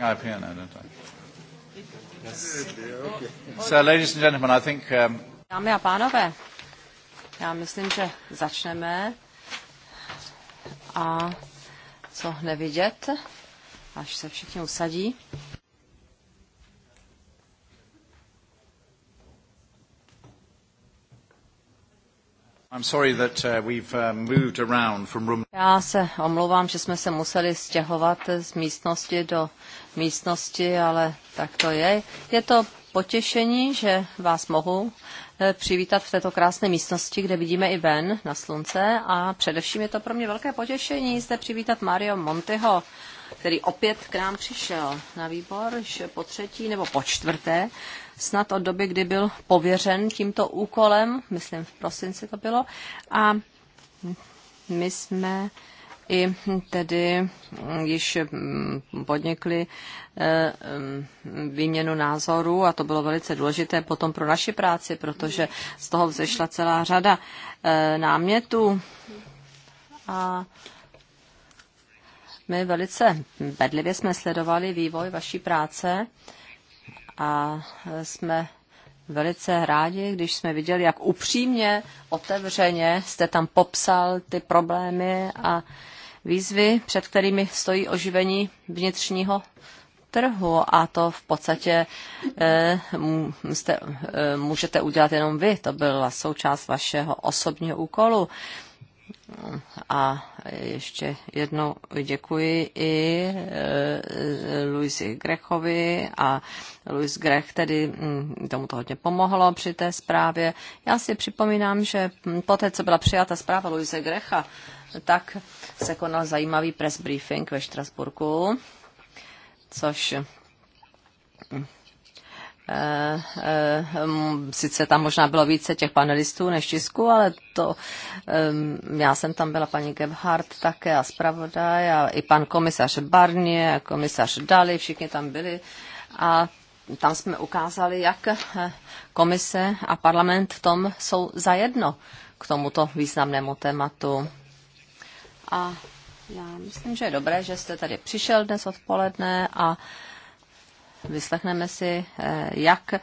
up here now, don't I? Yes. So, ladies and gentlemen, I think, um... Dámy a pánové, já myslím, že začneme. A co nevidět, až se všichni usadí. Já se omlouvám, že jsme se museli stěhovat z místnosti do místnosti, ale tak to je. Je to potěšení, že vás mohu eh, přivítat v této krásné místnosti, kde vidíme i ven na slunce a především je to pro mě velké potěšení zde přivítat Mario Montiho, který opět k nám přišel na výbor, že po třetí nebo po čtvrté, snad od doby, kdy byl pověřen tímto úkolem, myslím v prosinci to bylo, a my jsme i tedy již podnikli eh, výměnu názorů a to bylo velice důležité potom pro naši práci, protože z toho vzešla celá řada eh, námětů. A my velice bedlivě jsme sledovali vývoj vaší práce a jsme velice rádi, když jsme viděli, jak upřímně, otevřeně jste tam popsal ty problémy a výzvy, před kterými stojí oživení vnitřního trhu a to v podstatě eh, jste, eh, můžete udělat jenom vy. To byla součást vašeho osobního úkolu. A ještě jednou děkuji i e, Luisi Grechovi a Luis Grech tedy mm, tomu to hodně pomohlo při té zprávě. Já si připomínám, že poté, co byla přijata zpráva Luise Grecha, tak se konal zajímavý press briefing ve Štrasburku, což mm, Eh, eh, mm, sice tam možná bylo více těch panelistů než tisku, ale to, eh, já jsem tam byla paní Gebhardt také a zpravodaj a i pan komisař Barnier, komisař Dali, všichni tam byli a tam jsme ukázali, jak komise a parlament v tom jsou zajedno k tomuto významnému tématu. A já myslím, že je dobré, že jste tady přišel dnes odpoledne a uh, Vyslechneme si, eh, jak eh,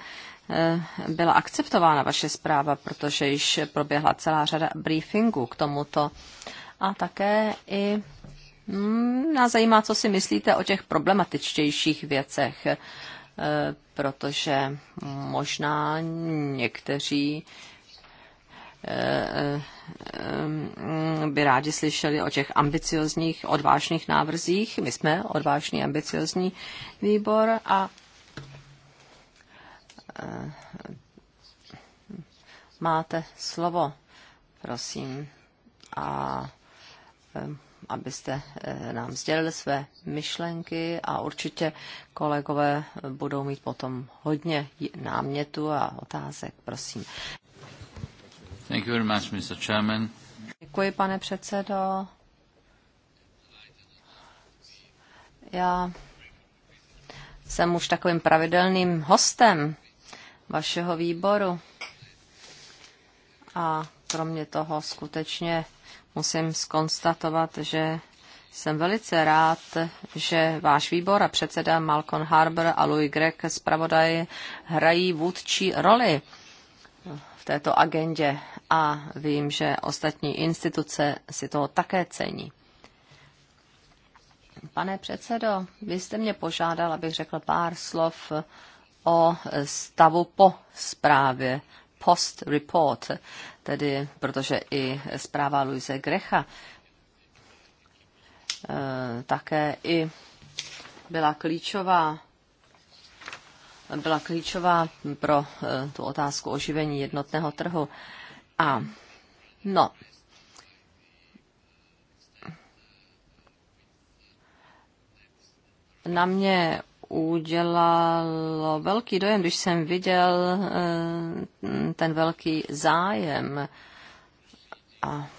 byla akceptována vaše zpráva, protože již proběhla celá řada briefingů k tomuto. A také i hmm, nás zajímá, co si myslíte o těch problematičtějších věcech, eh, protože možná někteří Eh, eh, by rádi slyšeli o těch ambiciozních, odvážných návrzích. My jsme odvážný, ambiciozní výbor a eh, máte slovo, prosím, a abyste nám sdělili své myšlenky a určitě kolegové budou mít potom hodně námětu a otázek, prosím. Thank you very much, Mr. Chairman. Děkuji, pane předsedo. Já jsem už takovým pravidelným hostem vašeho výboru. A kromě toho skutečně musím skonstatovat, že jsem velice rád, že váš výbor a předseda Malcolm Harbour a Louis Gregg zpravodaj hrají vůdčí roli v této agendě a vím, že ostatní instituce si toho také cení. Pane předsedo, vy jste mě požádal, abych řekl pár slov o stavu po zprávě, post report, tedy protože i zpráva Luise Grecha eh, také i byla klíčová byla klíčová pro eh, tu otázku oživení jednotného trhu. A no, na mě udělalo velký dojem, když jsem viděl eh, ten velký zájem a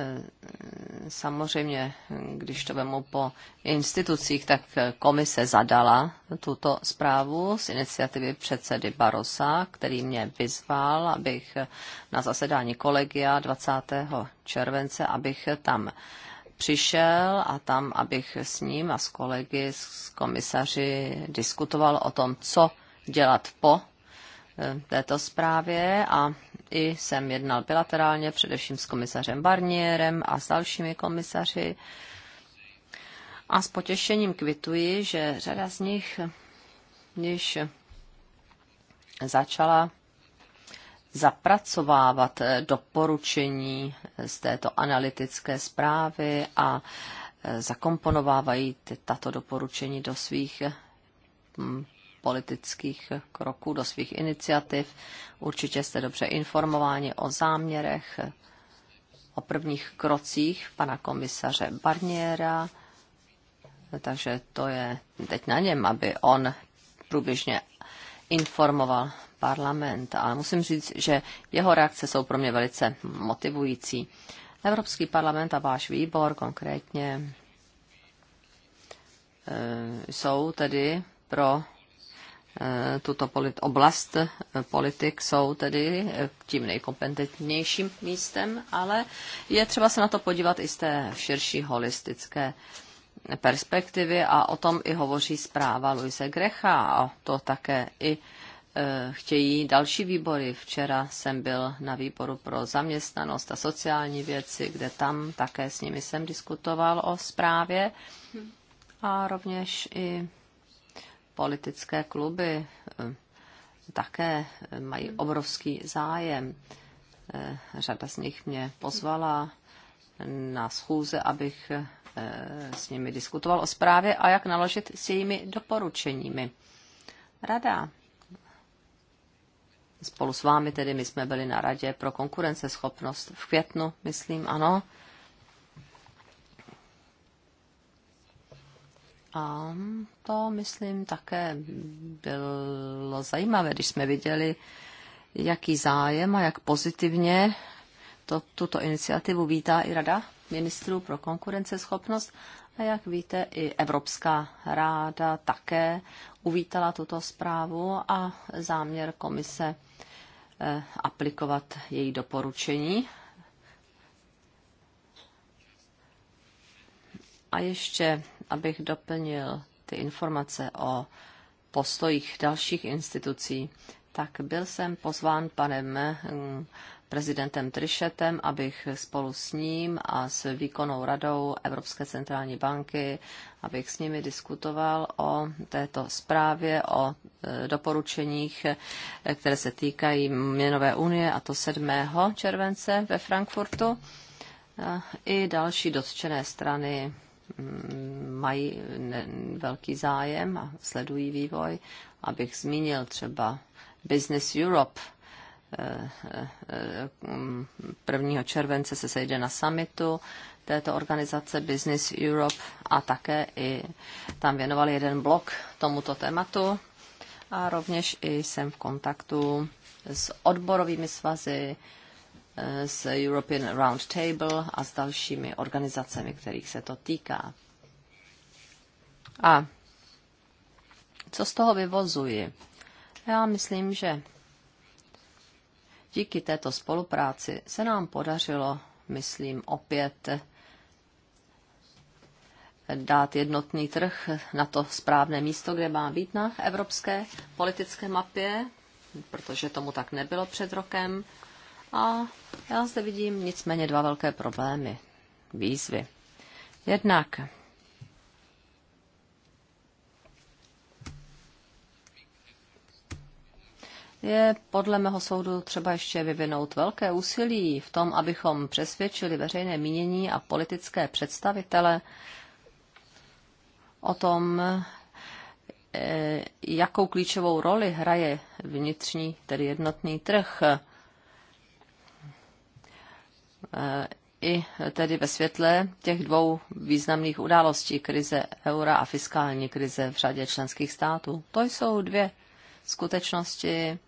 Eh, samozřejmě, když to vemu po institucích, tak komise zadala tuto zprávu z iniciativy předsedy Barosa, který mě vyzval, abych na zasedání kolegia 20. července, abych tam přišel a tam, abych s ním a s kolegy, s komisaři diskutoval o tom, co dělat po eh, této zprávě a i jsem jednal bilaterálně, především s komisařem Barnierem a s dalšími komisaři. A s potěšením kvituji, že řada z nich již začala zapracovávat doporučení z této analytické zprávy a zakomponovávají tato doporučení do svých mm, politických kroků, do svých iniciativ. Určitě jste dobře informováni o záměrech, o prvních krocích pana komisaře Barniera, takže to je teď na něm, aby on průběžně informoval parlament. Ale musím říct, že jeho reakce jsou pro mě velice motivující. Evropský parlament a váš výbor konkrétně e, jsou tedy pro Eh, tuto polit, oblast eh, politik jsou tedy eh, tím nejkompetentnějším místem, ale je třeba se na to podívat i z té širší holistické perspektivy a o tom i hovoří zpráva Luise Grecha a to také i chtějí další výbory. Včera jsem byl na výboru pro zaměstnanost a sociální věci, kde tam také s nimi jsem diskutoval o zprávě a rovněž i politické kluby eh, také mají obrovský zájem. Eh, řada z nich mě pozvala na schůze, abych eh, s nimi diskutoval o zprávě a jak naložit s jejími doporučeními. Rada. Spolu s vámi tedy my jsme byli na Radě pro konkurenceschopnost v květnu, myslím, ano. A to, myslím, také bylo zajímavé, když jsme viděli, jaký zájem a jak pozitivně to, tuto iniciativu vítá i Rada ministrů pro konkurenceschopnost. A jak víte, i Evropská ráda také uvítala tuto zprávu a záměr komise eh, aplikovat její doporučení A ještě, abych doplnil ty informace o postojích dalších institucí, tak byl jsem pozván panem hm, prezidentem Trišetem, abych spolu s ním a s výkonnou radou Evropské centrální banky, abych s nimi diskutoval o této zprávě, o e, doporučeních, e, které se týkají měnové unie, a to 7. července ve Frankfurtu. E, I další dotčené strany mají velký zájem a sledují vývoj. Abych zmínil třeba Business Europe, 1. Eh, eh, eh, mm, července se sejde na summitu této organizace Business Europe a také i tam věnoval jeden blok tomuto tématu. A rovněž i jsem v kontaktu s odborovými svazy, Eh, s European Round Table a s dalšími organizacemi, kterých se to týká. A co z toho vyvozuji? Já myslím, že díky této spolupráci se nám podařilo, myslím, opět dát jednotný trh na to správné místo, kde má být na evropské politické mapě, protože tomu tak nebylo před rokem. A já zde vidím nicméně dva velké problémy, výzvy. Jednak je podle mého soudu třeba ještě vyvinout velké úsilí v tom, abychom přesvědčili veřejné mínění a politické představitele o tom, eh, jakou klíčovou roli hraje vnitřní, tedy jednotný trh i tedy ve světle těch dvou významných událostí, krize eura a fiskální krize v řadě členských států. To jsou dvě skutečnosti,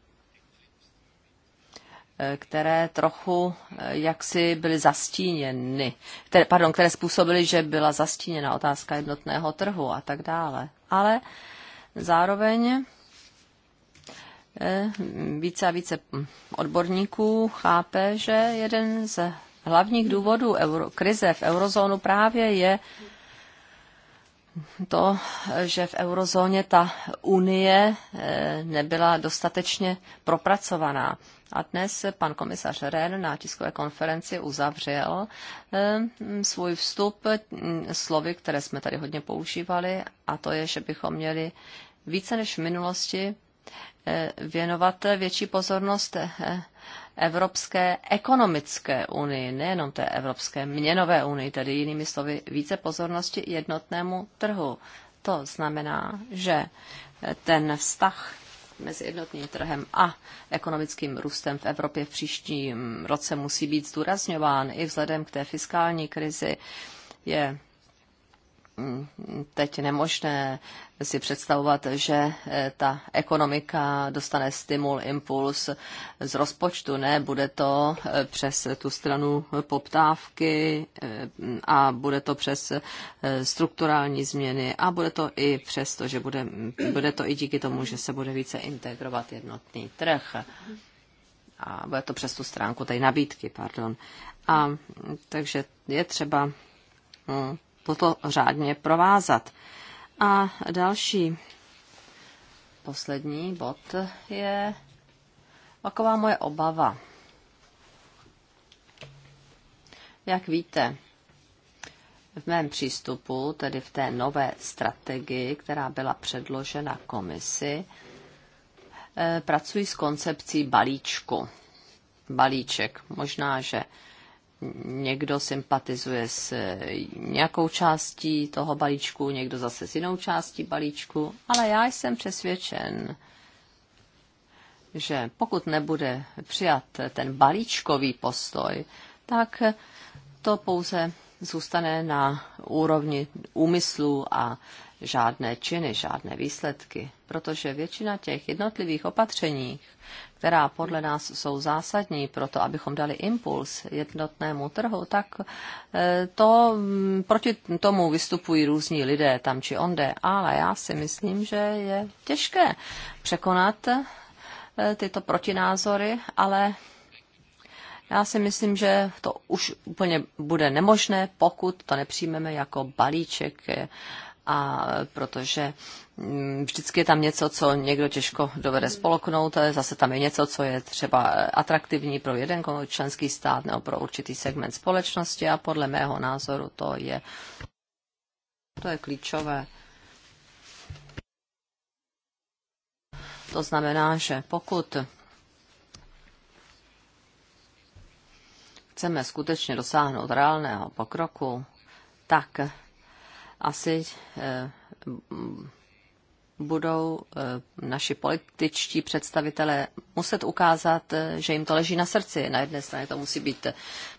které trochu eh, jaksi byly zastíněny, které, pardon, které způsobily, že byla zastíněna otázka jednotného trhu a tak dále. Ale zároveň Mm, více a více mm, odborníků chápe, že jeden z hlavních důvodů euro, krize v eurozónu právě je to, že v eurozóně ta unie eh, nebyla dostatečně propracovaná. A dnes pan komisař Ren na tiskové konferenci uzavřel eh, svůj vstup mm, slovy, které jsme tady hodně používali, a to je, že bychom měli více než v minulosti Eh, věnovat větší pozornost eh, Evropské ekonomické unii, nejenom té Evropské měnové unii, tedy jinými slovy více pozornosti jednotnému trhu. To znamená, že eh, ten vztah mezi jednotným trhem a ekonomickým růstem v Evropě v příštím roce musí být zdůrazňován i vzhledem k té fiskální krizi. Je teď nemožné si představovat, že eh, ta ekonomika dostane stimul, impuls z rozpočtu. Ne, bude to eh, přes tu stranu poptávky eh, a bude to přes strukturální změny a bude to i přes to, že bude, bude to i díky tomu, že se bude více integrovat jednotný trh. A bude to přes tu stránku, tady nabídky, pardon. A takže je třeba hm, toto řádně provázat. A další, poslední bod je taková moje obava. Jak víte, v mém přístupu, tedy v té nové strategii, která byla předložena komisi, eh, pracuji s koncepcí balíčku. Balíček. Možná, že někdo sympatizuje s nějakou částí toho balíčku, někdo zase s jinou částí balíčku, ale já jsem přesvědčen, že pokud nebude přijat ten balíčkový postoj, tak to pouze zůstane na úrovni úmyslu a žádné činy, žádné výsledky, protože většina těch jednotlivých opatření, která podle nás jsou zásadní pro to, abychom dali impuls jednotnému trhu, tak eh, to mm, proti tomu vystupují různí lidé tam či onde, ale já si myslím, že je těžké překonat eh, tyto protinázory, ale já si myslím, že to už úplně bude nemožné, pokud to nepřijmeme jako balíček eh, a protože mm, vždycky je tam něco, co někdo těžko dovede spolknout, zase tam je něco, co je třeba atraktivní pro jeden členský stát nebo pro určitý segment společnosti a podle mého názoru to je, to je klíčové. To znamená, že pokud chceme skutečně dosáhnout reálného pokroku, tak asi eh, budou eh, naši političtí představitelé muset ukázat, eh, že jim to leží na srdci. Na jedné straně to musí být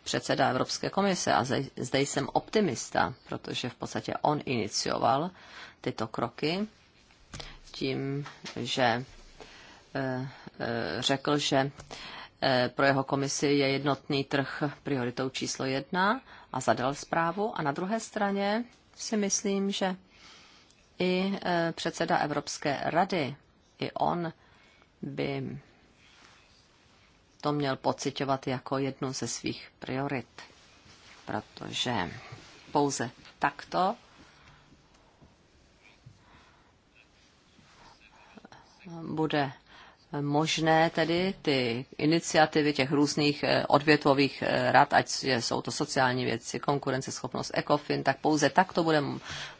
předseda Evropské komise a zde jsem optimista, protože v podstatě on inicioval tyto kroky tím, že řekl, že pro jeho komisi je jednotný trh prioritou číslo jedna a zadal zprávu. A na druhé straně si myslím, že i e, předseda Evropské rady, i on by to měl pocitovat jako jednu ze svých priorit, protože pouze takto bude možné tedy ty iniciativy těch různých eh, odvětvových eh, rad, ať jsou to sociální věci, konkurenceschopnost, ECOFIN, tak pouze tak to bude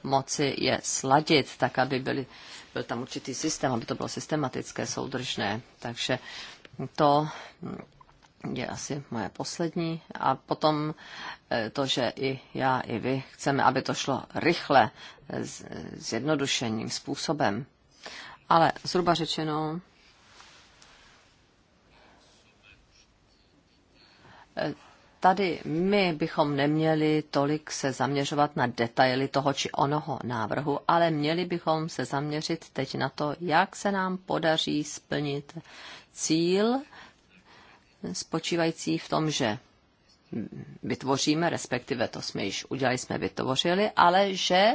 moci je sladit, tak aby byly, byl tam určitý systém, aby to bylo systematické, soudržné. Takže to hm, je asi moje poslední. A potom eh, to, že i já, i vy chceme, aby to šlo rychle, s jednodušením způsobem. Ale zhruba řečeno, tady my bychom neměli tolik se zaměřovat na detaily toho či onoho návrhu, ale měli bychom se zaměřit teď na to, jak se nám podaří splnit cíl spočívající v tom, že vytvoříme, respektive to jsme již udělali, jsme vytvořili, ale že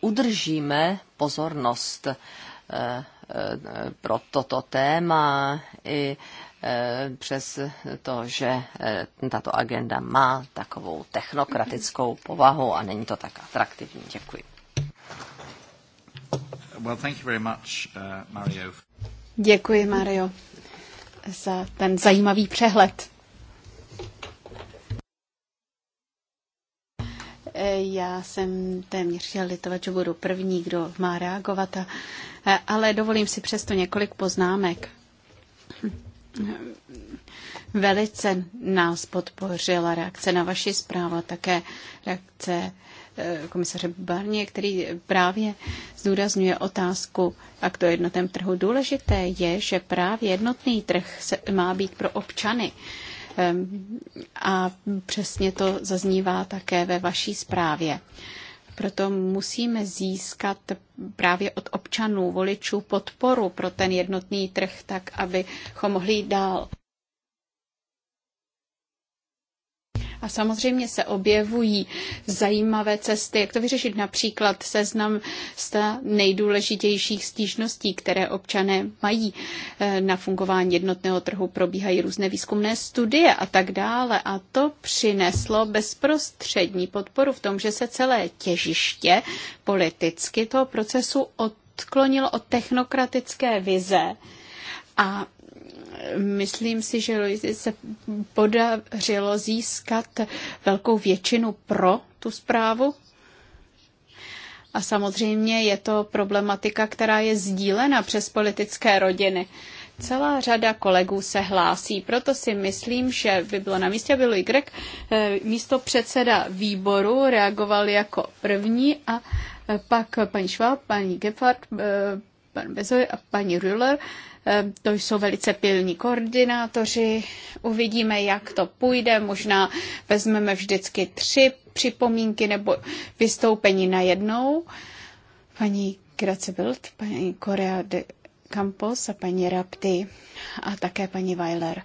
udržíme pozornost eh, eh, pro toto téma i Eh, přes to, že eh, tato agenda má takovou technokratickou povahu a není to tak atraktivní. Děkuji. Well, thank you very much, uh, Mario. Děkuji, Mario, za ten zajímavý přehled. Já jsem téměř chtěl litovat, že budu první, kdo má reagovat, a, ale dovolím si přesto několik poznámek. Hm Velice nás podpořila reakce na vaši zprávu a také reakce eh, komisaře Barně, který právě zdůrazňuje otázku a k jednotném trhu. Důležité je, že právě jednotný trh se, má být pro občany. Ehm, a přesně to zaznívá také ve vaší zprávě. Proto musíme získat právě od občanů, voličů podporu pro ten jednotný trh, tak abychom mohli jít dál. A samozřejmě se objevují zajímavé cesty, jak to vyřešit například seznam z nejdůležitějších stížností, které občané mají eh, na fungování jednotného trhu. Probíhají různé výzkumné studie a tak dále. A to přineslo bezprostřední podporu v tom, že se celé těžiště politicky toho procesu odklonilo od technokratické vize a Myslím si, že se podařilo získat velkou většinu pro tu zprávu. A samozřejmě je to problematika, která je sdílena přes politické rodiny. Celá řada kolegů se hlásí, proto si myslím, že by bylo na místě, aby Louis Greg, eh, místo předseda výboru, reagoval jako první a eh, pak paní Schwab, paní Gephardt, eh, pan Bezoj a paní Rüller Eh, to jsou velice pilní koordinátoři. Uvidíme, jak to půjde. Možná vezmeme vždycky tři připomínky nebo vystoupení na jednou. Paní Gracebild, paní Korea de Campos a paní Rapti a také paní Weiler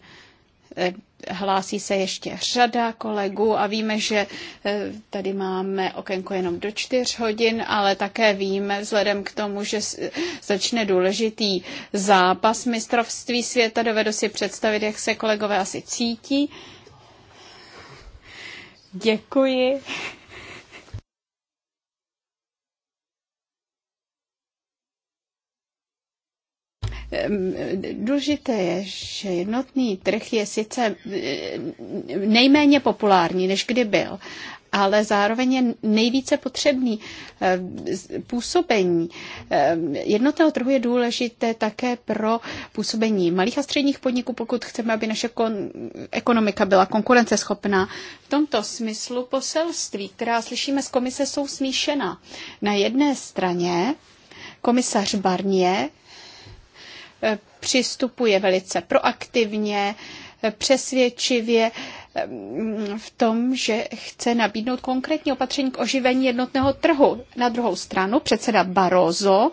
eh, Hlásí se ještě řada kolegů a víme, že eh, tady máme okénko jenom do čtyř hodin, ale také víme, vzhledem k tomu, že začne důležitý zápas mistrovství světa, dovedu si představit, jak se kolegové asi cítí. Děkuji. Ehm, důležité je, že jednotný trh je sice ehm, nejméně populární, než kdy byl, ale zároveň je nejvíce potřebný ehm, působení. Jednotného trhu je důležité také pro působení malých a středních podniků, pokud chceme, aby naše kon- ekonomika byla konkurenceschopná. V tomto smyslu poselství, která slyšíme z komise, jsou smíšena. Na jedné straně komisař Barnier přistupuje velice proaktivně, přesvědčivě mm, v tom, že chce nabídnout konkrétní opatření k oživení jednotného trhu. Na druhou stranu předseda Barroso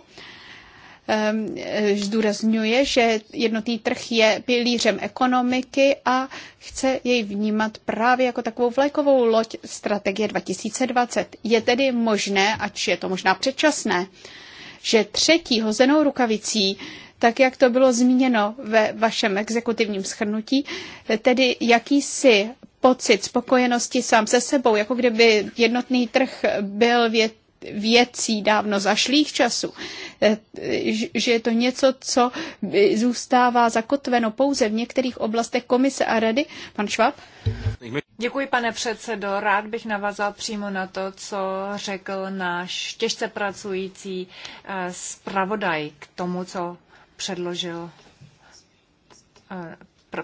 zdůrazňuje, že jednotný trh je pilířem ekonomiky a chce jej vnímat právě jako takovou vlajkovou loď strategie 2020. Je tedy možné, ač je to možná předčasné, že třetí hozenou rukavicí tak jak to bylo zmíněno ve vašem exekutivním schrnutí, tedy jakýsi pocit spokojenosti sám se sebou, jako kdyby jednotný trh byl vět, věcí dávno zašlých časů, eh, že je to něco, co zůstává zakotveno pouze v některých oblastech komise a rady. Pan Švab? Děkuji, pane předsedo. Rád bych navázal přímo na to, co řekl náš těžce pracující eh, zpravodaj k tomu, co předložil eh,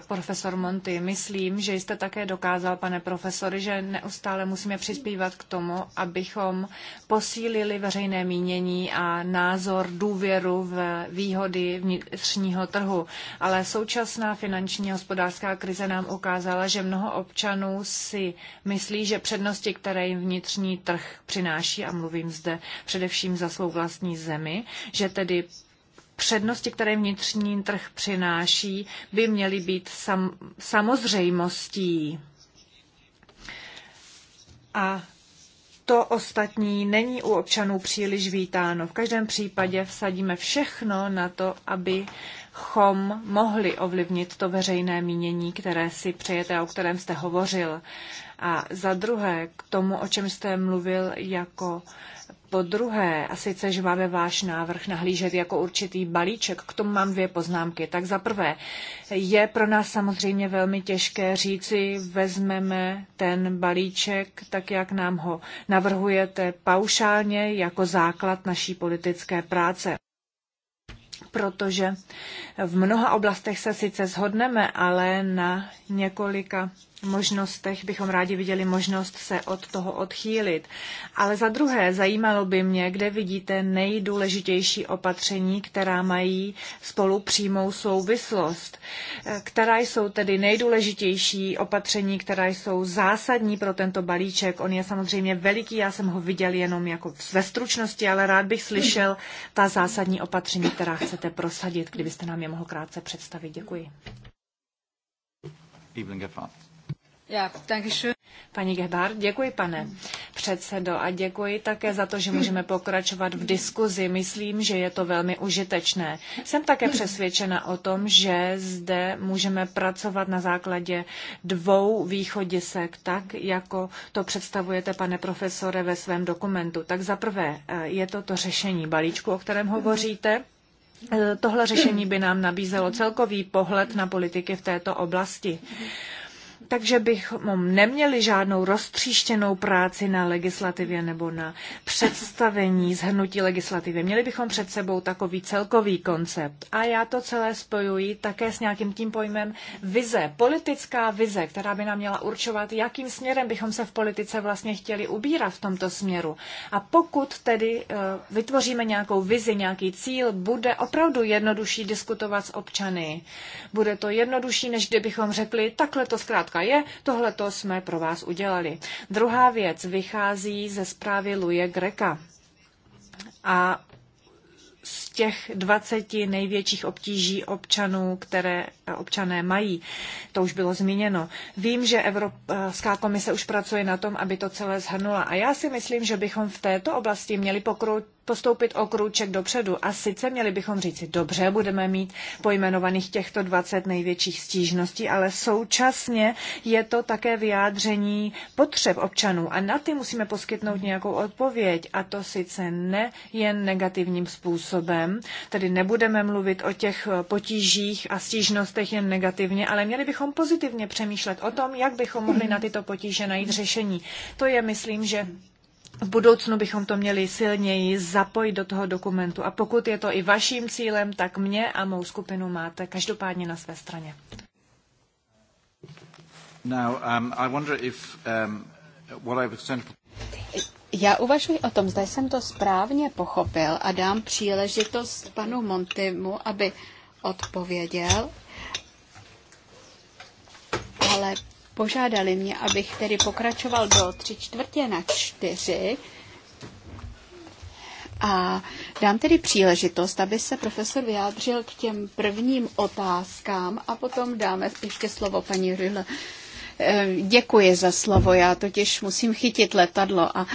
profesor Monty. Myslím, že jste také dokázal, pane profesore, že neustále musíme přispívat k tomu, abychom posílili veřejné mínění a názor důvěru v výhody vnitřního trhu. Ale současná finanční a hospodářská krize nám ukázala, že mnoho občanů si myslí, že přednosti, které jim vnitřní trh přináší, a mluvím zde především za svou vlastní zemi, že tedy přednosti, které vnitřní trh přináší, by měly být sam, samozřejmostí. A to ostatní není u občanů příliš vítáno. V každém případě vsadíme všechno na to, abychom mohli ovlivnit to veřejné mínění, které si přejete a o kterém jste hovořil. A za druhé, k tomu, o čem jste mluvil jako po druhé, a sice, že máme váš návrh nahlížet jako určitý balíček, k tomu mám dvě poznámky. Tak za prvé, je pro nás samozřejmě velmi těžké říci, vezmeme ten balíček, tak jak nám ho navrhujete, paušálně jako základ naší politické práce protože v mnoha oblastech se sice shodneme, ale na několika možnostech bychom rádi viděli možnost se od toho odchýlit. Ale za druhé, zajímalo by mě, kde vidíte nejdůležitější opatření, která mají spolu přímou souvislost. Která jsou tedy nejdůležitější opatření, která jsou zásadní pro tento balíček. On je samozřejmě veliký, já jsem ho viděl jenom jako ve stručnosti, ale rád bych slyšel ta zásadní opatření, která chcete prosadit, kdybyste nám je mohl krátce představit. Děkuji. Evelyn Gephardt. Paní Gebhard, děkuji, pane předsedo, a děkuji také za to, že můžeme pokračovat v diskuzi. Myslím, že je to velmi užitečné. Jsem také přesvědčena o tom, že zde můžeme pracovat na základě dvou východisek, tak jako to představujete, pane profesore, ve svém dokumentu. Tak za prvé eh, je to to řešení balíčku, o kterém hovoříte. Eh, tohle řešení by nám nabízelo celkový pohled na politiky v této oblasti takže bychom neměli žádnou roztříštěnou práci na legislativě nebo na představení zhrnutí legislativy. Měli bychom před sebou takový celkový koncept. A já to celé spojuji také s nějakým tím pojmem vize, politická vize, která by nám měla určovat, jakým směrem bychom se v politice vlastně chtěli ubírat v tomto směru. A pokud tedy eh, vytvoříme nějakou vizi, nějaký cíl, bude opravdu jednodušší diskutovat s občany. Bude to jednodušší, než kdybychom řekli, takhle to zkrátka otázka je, tohle to jsme pro vás udělali. Druhá věc vychází ze zprávy Luje Greka. A těch 20 největších obtíží občanů, které eh, občané mají. To už bylo zmíněno. Vím, že Evropská komise už pracuje na tom, aby to celé zhrnula. A já si myslím, že bychom v této oblasti měli pokrout postoupit o krůček dopředu. A sice měli bychom říci, dobře, budeme mít pojmenovaných těchto 20 největších stížností, ale současně je to také vyjádření potřeb občanů a na ty musíme poskytnout nějakou odpověď a to sice ne jen negativním způsobem, problém, tedy nebudeme mluvit o těch potížích a stížnostech jen negativně, ale měli bychom pozitivně přemýšlet o tom, jak bychom mohli na tyto potíže najít řešení. To je, myslím, že v budoucnu bychom to měli silněji zapojit do toho dokumentu. A pokud je to i vaším cílem, tak mě a mou skupinu máte každopádně na své straně. Now, um, I wonder if, um, what I was já uvažuji o tom, zda jsem to správně pochopil a dám příležitost panu Montimu, aby odpověděl, ale požádali mě, abych tedy pokračoval do tři čtvrtě na čtyři a dám tedy příležitost, aby se profesor vyjádřil k těm prvním otázkám a potom dáme ještě slovo paní Ryle. Děkuji za slovo. Já totiž musím chytit letadlo a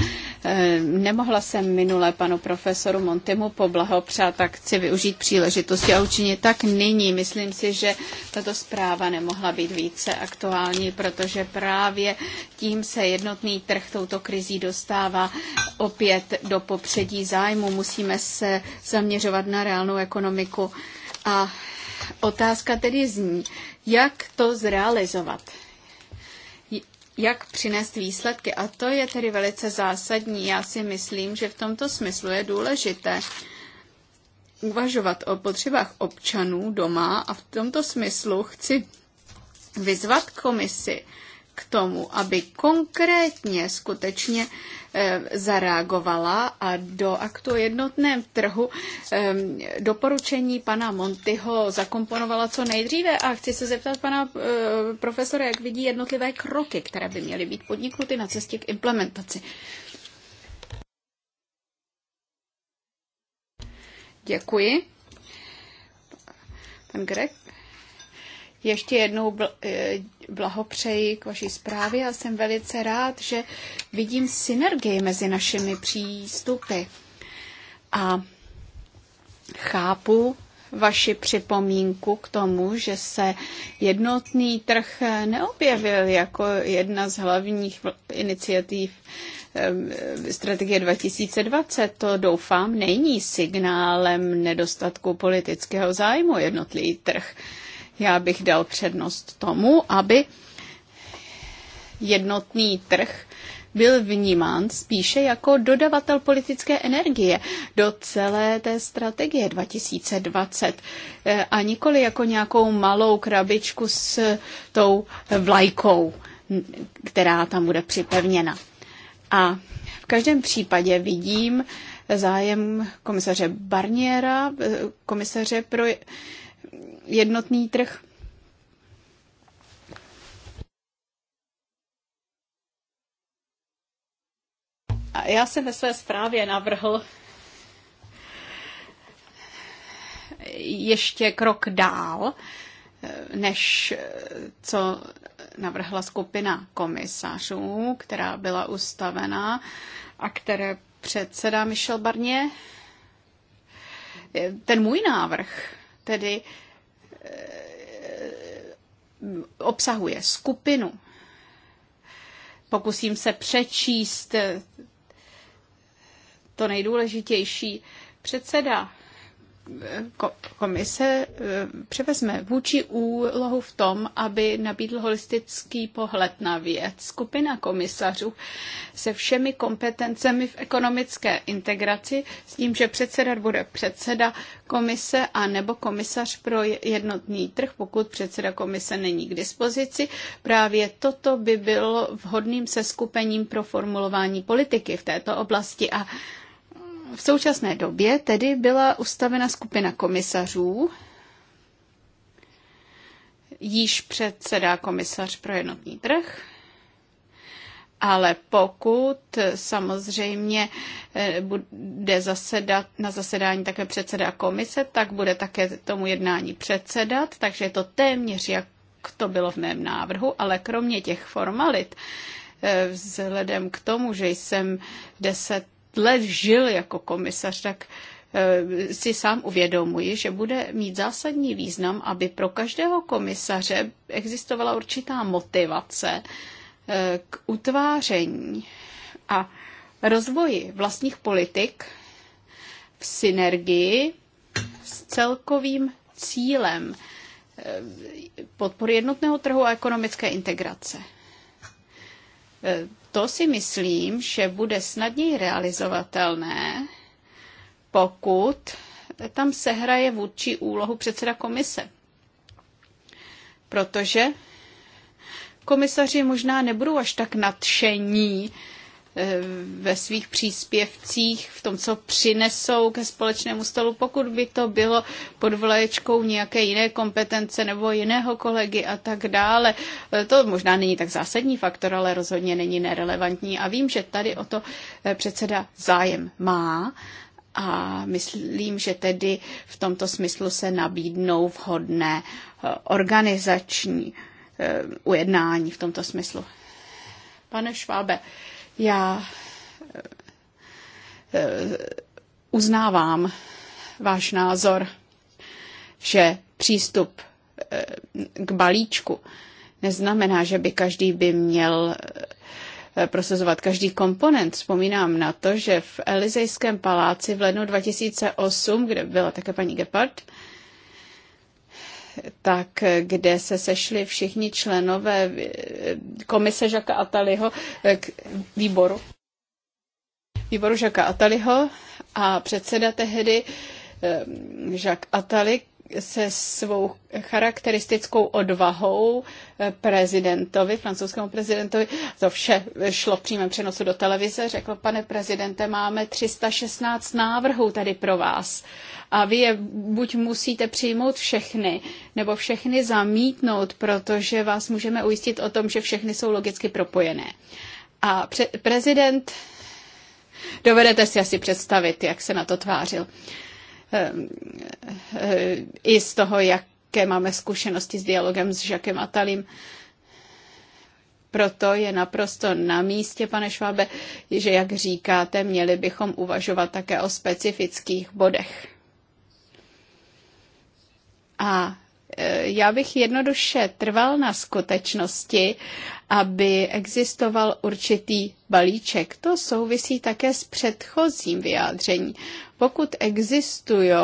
eh, nemohla jsem minule panu profesoru Montemu poblahopřát, tak chci využít příležitosti a učinit tak nyní. Myslím si, že tato zpráva nemohla být více aktuální, protože právě tím se jednotný trh touto krizí dostává opět do popředí zájmu. Musíme se zaměřovat na reálnou ekonomiku. A otázka tedy zní, jak to zrealizovat jak přinést výsledky. A to je tedy velice zásadní. Já si myslím, že v tomto smyslu je důležité uvažovat o potřebách občanů doma a v tomto smyslu chci vyzvat komisi k tomu, aby konkrétně skutečně Eh, zareagovala a do aktu o jednotném trhu eh, doporučení pana Montyho zakomponovala co nejdříve a chci se zeptat pana eh, profesora, jak vidí jednotlivé kroky, které by měly být podniknuty na cestě k implementaci. Děkuji. Pan Grek. Ještě jednou eh, blahopřeji k vaší zprávě a jsem velice rád, že vidím synergii mezi našimi přístupy. A chápu vaši připomínku k tomu, že se jednotný trh neobjevil jako jedna z hlavních iniciativ eh, strategie 2020. To doufám není signálem nedostatku politického zájmu jednotlivý trh. Já bych dal přednost tomu, aby jednotný trh byl vnímán spíše jako dodavatel politické energie do celé té strategie 2020 eh, a nikoli jako nějakou malou krabičku s tou vlajkou, která tam bude připevněna. A v každém případě vidím zájem komisaře Barniera, eh, komisaře pro jednotný trh. A já jsem ve své zprávě navrhl ještě krok dál, než co navrhla skupina komisařů, která byla ustavena a které předseda Michel Barnier. Ten můj návrh tedy Eh, obsahuje skupinu. Pokusím se přečíst to nejdůležitější. Předseda komise eh, převezme vůči úlohu v tom, aby nabídl holistický pohled na věc. Skupina komisařů se všemi kompetencemi v ekonomické integraci, s tím, že předseda bude předseda komise a nebo komisař pro jednotný trh, pokud předseda komise není k dispozici. Právě toto by bylo vhodným seskupením pro formulování politiky v této oblasti a v současné době tedy byla ustavena skupina komisařů, již předsedá komisař pro jednotný trh, ale pokud samozřejmě eh, bude zasedat na zasedání také předseda komise, tak bude také tomu jednání předsedat, takže je to téměř jak to bylo v mém návrhu, ale kromě těch formalit, eh, vzhledem k tomu, že jsem deset let žil jako komisař, tak eh, si sám uvědomuji, že bude mít zásadní význam, aby pro každého komisaře existovala určitá motivace eh, k utváření a rozvoji vlastních politik v synergii s celkovým cílem eh, podpory jednotného trhu a ekonomické integrace to si myslím, že bude snadněji realizovatelné, pokud tam sehraje vůdčí úlohu předseda komise. Protože komisaři možná nebudou až tak nadšení ve svých příspěvcích, v tom, co přinesou ke společnému stolu, pokud by to bylo pod vlaječkou nějaké jiné kompetence nebo jiného kolegy a tak dále. E, to možná není tak zásadní faktor, ale rozhodně není nerelevantní a vím, že tady o to e, předseda zájem má. A myslím, že tedy v tomto smyslu se nabídnou vhodné e, organizační ujednání v tomto smyslu. Pane Švábe, já eh, eh, uznávám váš názor, že přístup eh, k balíčku neznamená, že by každý by měl prosazovat každý komponent. Vzpomínám na to, že v Elizejském paláci v lednu 2008, kde byla také paní Gepard, tak kde se sešli všichni členové eh, komise Žaka Ataliho eh, k výboru. Výboru Žaka Ataliho a předseda tehdy eh, Žak Atalik se svou charakteristickou odvahou eh, prezidentovi, francouzskému prezidentovi, to vše šlo v přímém přenosu do televize, řekl, pane prezidente, máme 316 návrhů tady pro vás a vy je buď musíte přijmout všechny, nebo všechny zamítnout, protože vás můžeme ujistit o tom, že všechny jsou logicky propojené. A pre- prezident, dovedete si asi představit, jak se na to tvářil. Eh, i z toho, jaké máme zkušenosti s dialogem s Žakem Atalím. Proto je naprosto na místě, pane Švábe, že, jak říkáte, měli bychom uvažovat také o specifických bodech. A eh, já bych jednoduše trval na skutečnosti aby existoval určitý balíček. To souvisí také s předchozím vyjádření. Pokud existují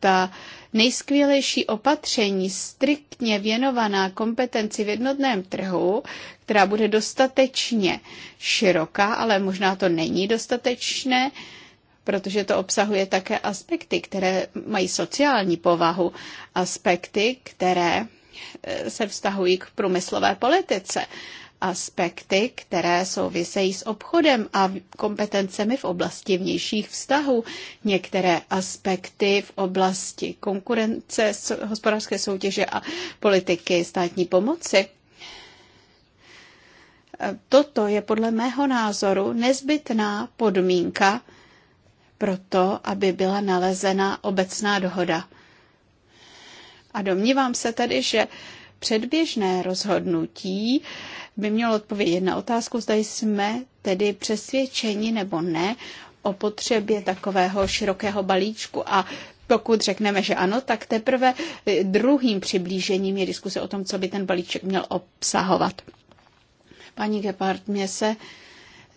ta nejskvělejší opatření striktně věnovaná kompetenci v jednotném trhu, která bude dostatečně široká, ale možná to není dostatečné, protože to obsahuje také aspekty, které mají sociální povahu, aspekty, které se vztahují k průmyslové politice. Aspekty, které souvisejí s obchodem a kompetencemi v oblasti vnějších vztahů, některé aspekty v oblasti konkurence, hospodářské soutěže a politiky státní pomoci. Toto je podle mého názoru nezbytná podmínka pro to, aby byla nalezena obecná dohoda a domnívám se tedy, že předběžné rozhodnutí by mělo odpovědět na otázku, zda jsme tedy přesvědčeni nebo ne o potřebě takového širokého balíčku. A pokud řekneme, že ano, tak teprve druhým přiblížením je diskuse o tom, co by ten balíček měl obsahovat. Paní Gepard, mě se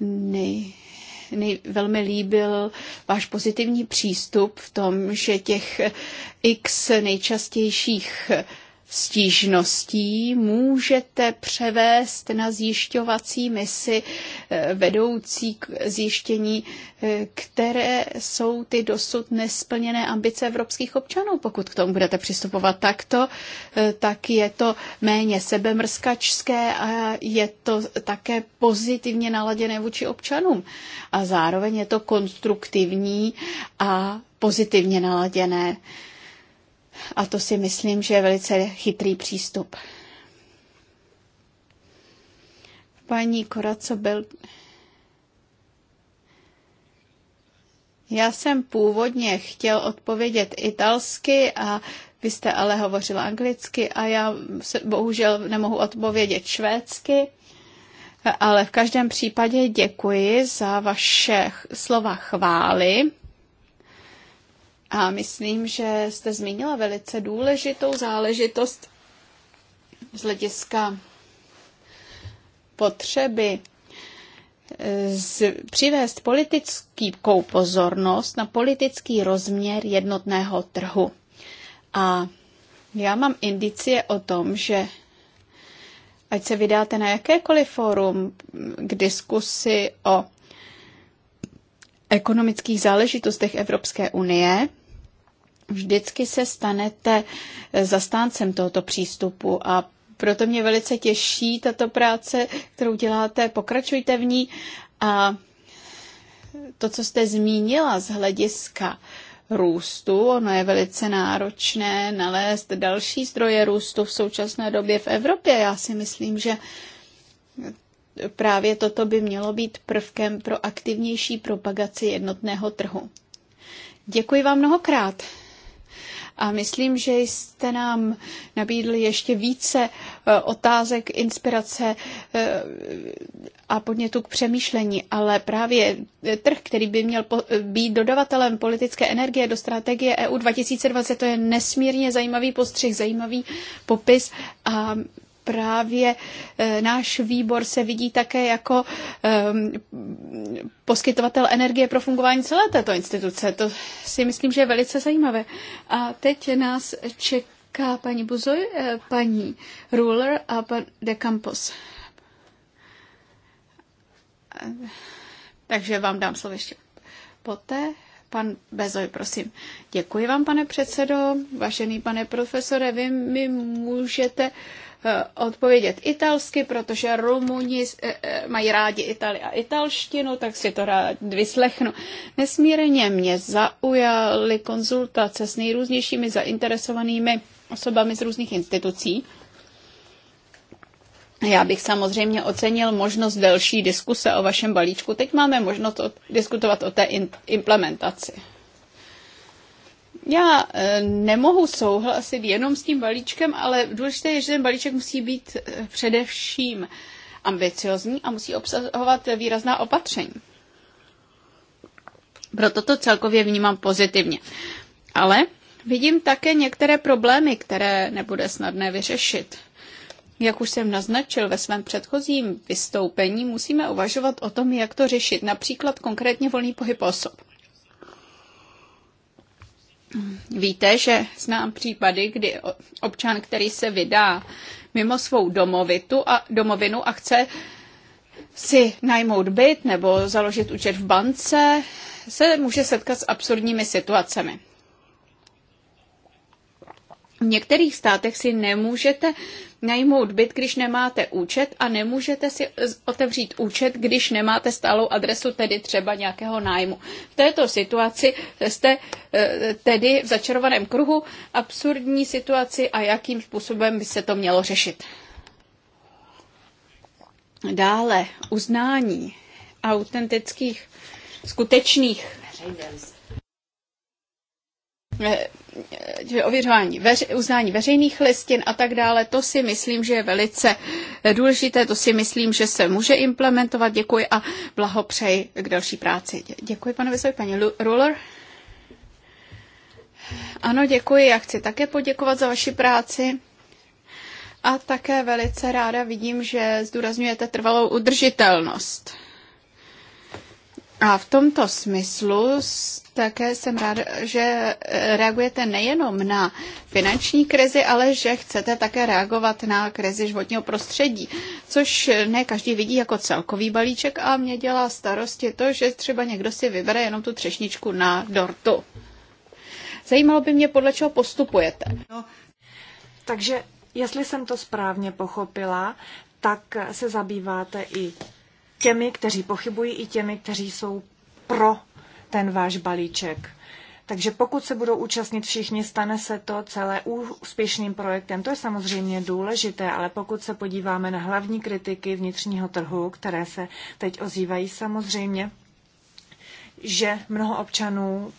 nej, nej, velmi líbil váš pozitivní přístup v tom, že těch x nejčastějších stížností můžete převést na zjišťovací misi eh, vedoucí k zjištění, eh, které jsou ty dosud nesplněné ambice evropských občanů. Pokud k tomu budete přistupovat takto, eh, tak je to méně sebemrskačské a je to také pozitivně naladěné vůči občanům. A zároveň je to konstruktivní a pozitivně naladěné. A to si myslím, že je velice chytrý přístup. Paní co byl. Já jsem původně chtěl odpovědět italsky a vy jste ale hovořila anglicky a já se bohužel nemohu odpovědět švédsky. Ale v každém případě děkuji za vaše slova chvály. A myslím, že jste zmínila velice důležitou záležitost z hlediska potřeby e, z, přivést politickou pozornost na politický rozměr jednotného trhu. A já mám indicie o tom, že ať se vydáte na jakékoliv fórum k diskusi o ekonomických záležitostech Evropské unie, vždycky se stanete zastáncem tohoto přístupu a proto mě velice těší tato práce, kterou děláte, pokračujte v ní a to, co jste zmínila z hlediska růstu, ono je velice náročné nalézt další zdroje růstu v současné době v Evropě. Já si myslím, že právě toto by mělo být prvkem pro aktivnější propagaci jednotného trhu. Děkuji vám mnohokrát. A myslím, že jste nám nabídli ještě více e, otázek, inspirace e, a podnětu k přemýšlení, ale právě e, trh, který by měl být dodavatelem politické energie do strategie EU 2020, to je nesmírně zajímavý postřeh, zajímavý popis a právě eh, náš výbor se vidí také jako ehm, poskytovatel energie pro fungování celé této instituce. To si myslím, že je velice zajímavé. A teď nás čeká paní Buzoj, eh, paní Ruler a pan De Campos. Eh, takže vám dám slovo ještě poté. Pan Bezoj, prosím. Děkuji vám, pane předsedo. Vážený pane profesore, vy mi můžete uh, Eh, odpovědět italsky, protože Rumuni eh, eh, mají rádi Itali a italštinu, tak si to rád vyslechnu. Nesmírně mě zaujaly konzultace s nejrůznějšími zainteresovanými osobami z různých institucí. Já bych samozřejmě ocenil možnost delší diskuse o vašem balíčku. Teď máme možnost diskutovat o té implementaci. Já e, nemohu souhlasit jenom s tím balíčkem, ale důležité je, že ten balíček musí být e, především ambiciozní a musí obsahovat výrazná opatření. Proto to celkově vnímám pozitivně. Ale vidím také některé problémy, které nebude snadné vyřešit. Jak už jsem naznačil ve svém předchozím vystoupení, musíme uvažovat o tom, jak to řešit, například konkrétně volný pohyb osob. Víte, že znám případy, kdy občan, který se vydá mimo svou domovitu a domovinu a chce si najmout byt nebo založit účet v bance, se může setkat s absurdními situacemi. V některých státech si nemůžete najmout byt, když nemáte účet a nemůžete si otevřít účet, když nemáte stálou adresu, tedy třeba nějakého nájmu. V této situaci jste eh, tedy v začarovaném kruhu absurdní situaci a jakým způsobem by se to mělo řešit. Dále uznání autentických, skutečných Eh, ověřování veři, uznání veřejných listin a tak dále. To si myslím, že je velice eh, důležité, to si myslím, že se může implementovat. Děkuji a blahopřeji k další práci. Děkuji, pane Vysoký, paní Ruler. Ano, děkuji. Já chci také poděkovat za vaši práci. A také velice ráda vidím, že zdůrazňujete trvalou udržitelnost. A v tomto smyslu také jsem ráda, že e, reagujete nejenom na finanční krizi, ale že chcete také reagovat na krizi životního prostředí, což ne každý vidí jako celkový balíček a mě dělá starosti to, že třeba někdo si vybere jenom tu třešničku na dortu. Zajímalo by mě, podle čeho postupujete. No, takže, jestli jsem to správně pochopila, tak se zabýváte i těmi, kteří pochybují, i těmi, kteří jsou pro ten váš balíček. Takže pokud se budou účastnit všichni, stane se to celé úspěšným projektem. To je samozřejmě důležité, ale pokud se podíváme na hlavní kritiky vnitřního trhu, které se teď ozývají samozřejmě, že mnoho občanů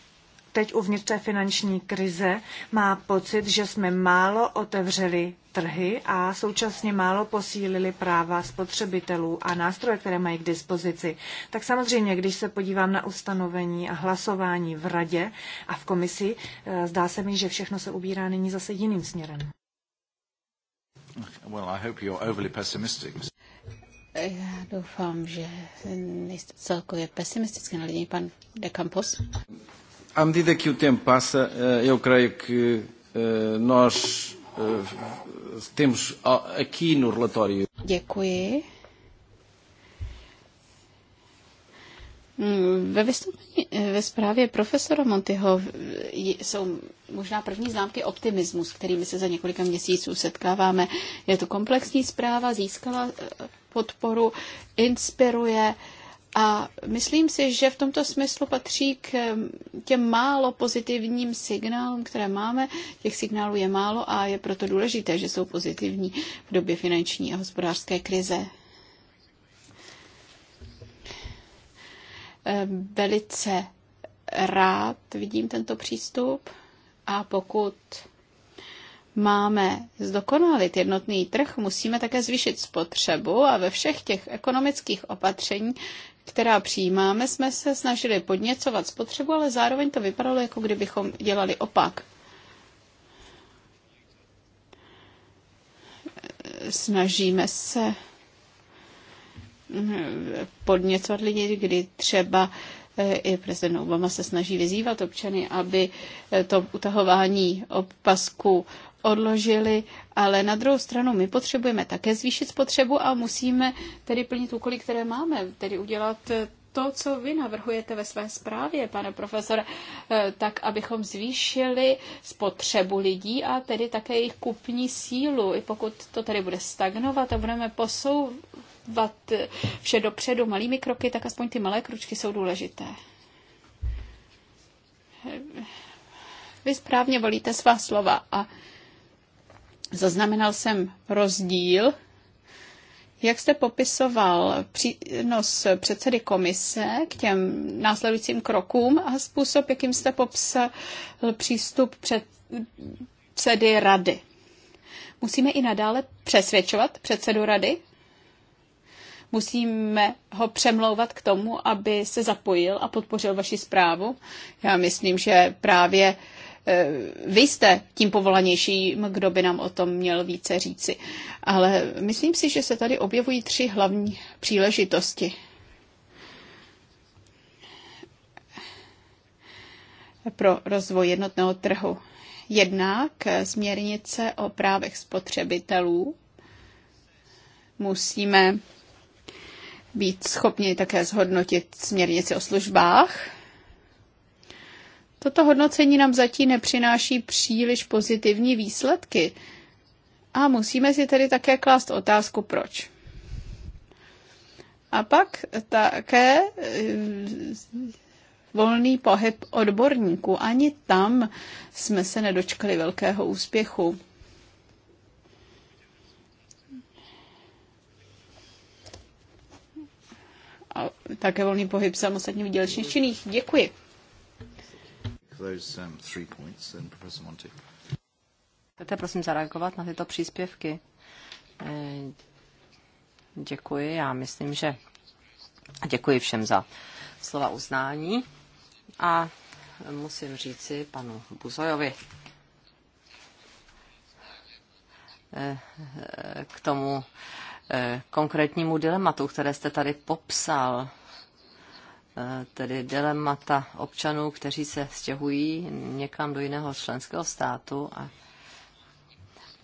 teď uvnitř té finanční krize má pocit, že jsme málo otevřeli trhy a současně málo posílili práva spotřebitelů a nástroje, které mají k dispozici. Tak samozřejmě, když se podívám na ustanovení a hlasování v radě a v komisi, eh, zdá se mi, že všechno se ubírá nyní zase jiným směrem. Well, I hope you're overly pessimistic. Já doufám, že nejste celkově pesimistický na lidi, pan De Campos à medida que o tempo passa, eh, eu creio que eh, nós eh, temos aqui no relatório. Děkuji. Hmm, ve, vystoupení, ve zprávě profesora Montyho jsou možná první známky optimismu, s kterými se za několika měsíců setkáváme. Je to komplexní zpráva, získala podporu, inspiruje a myslím si, že v tomto smyslu patří k těm málo pozitivním signálům, které máme. Těch signálů je málo a je proto důležité, že jsou pozitivní v době finanční a hospodářské krize. Velice rád vidím tento přístup a pokud máme zdokonalit jednotný trh, musíme také zvýšit spotřebu a ve všech těch ekonomických opatření která přijímáme, jsme se snažili podněcovat spotřebu, ale zároveň to vypadalo, jako kdybychom dělali opak. Snažíme se mm, podněcovat lidi, kdy třeba eh, i prezident Obama se snaží vyzývat občany, aby eh, to utahování opasku odložili, ale na druhou stranu my potřebujeme také zvýšit spotřebu a musíme tedy plnit úkoly, které máme, tedy udělat eh, to, co vy navrhujete ve své zprávě, pane profesore, eh, tak abychom zvýšili spotřebu lidí a tedy také jejich kupní sílu. I pokud to tedy bude stagnovat a budeme posouvat eh, vše dopředu malými kroky, tak aspoň ty malé kručky jsou důležité. Vy správně volíte svá slova a Zaznamenal jsem rozdíl, jak jste popisoval přínos předsedy komise k těm následujícím krokům a způsob, jakým jste popsal přístup předsedy rady. Musíme i nadále přesvědčovat předsedu rady, musíme ho přemlouvat k tomu, aby se zapojil a podpořil vaši zprávu. Já myslím, že právě Eh, vy jste tím povolanějším, kdo by nám o tom měl více říci. Ale myslím si, že se tady objevují tři hlavní příležitosti. pro rozvoj jednotného trhu. Jednak směrnice o právech spotřebitelů musíme být schopni také zhodnotit směrnici o službách, Toto hodnocení nám zatím nepřináší příliš pozitivní výsledky. A musíme si tedy také klást otázku, proč. A pak také eh, volný pohyb odborníků. Ani tam jsme se nedočkali velkého úspěchu. A také volný pohyb samostatně výdělečných činných. Děkuji those um, three points. And Professor Monti. Chcete prosím zareagovat na tyto příspěvky? Eh, děkuji, já myslím, že děkuji všem za slova uznání a musím říci panu Buzojovi eh, eh, k tomu konkrétnímu dilematu, které jste tady popsal, Eh, tedy dilemata občanů, kteří se stěhují někam do jiného členského státu a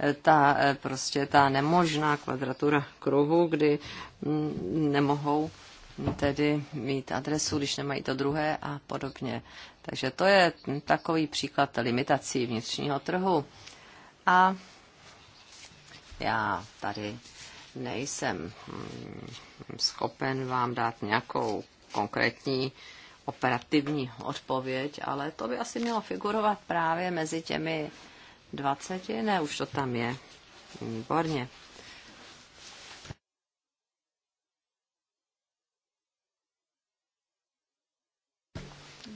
eh, ta, eh, prostě ta nemožná kvadratura kruhu, kdy mm, nemohou tedy mít adresu, když nemají to druhé a podobně. Takže to je takový příklad limitací vnitřního trhu. A já tady nejsem mm, schopen vám dát nějakou konkrétní operativní odpověď, ale to by asi mělo figurovat právě mezi těmi 20, ne, už to tam je. Výborně.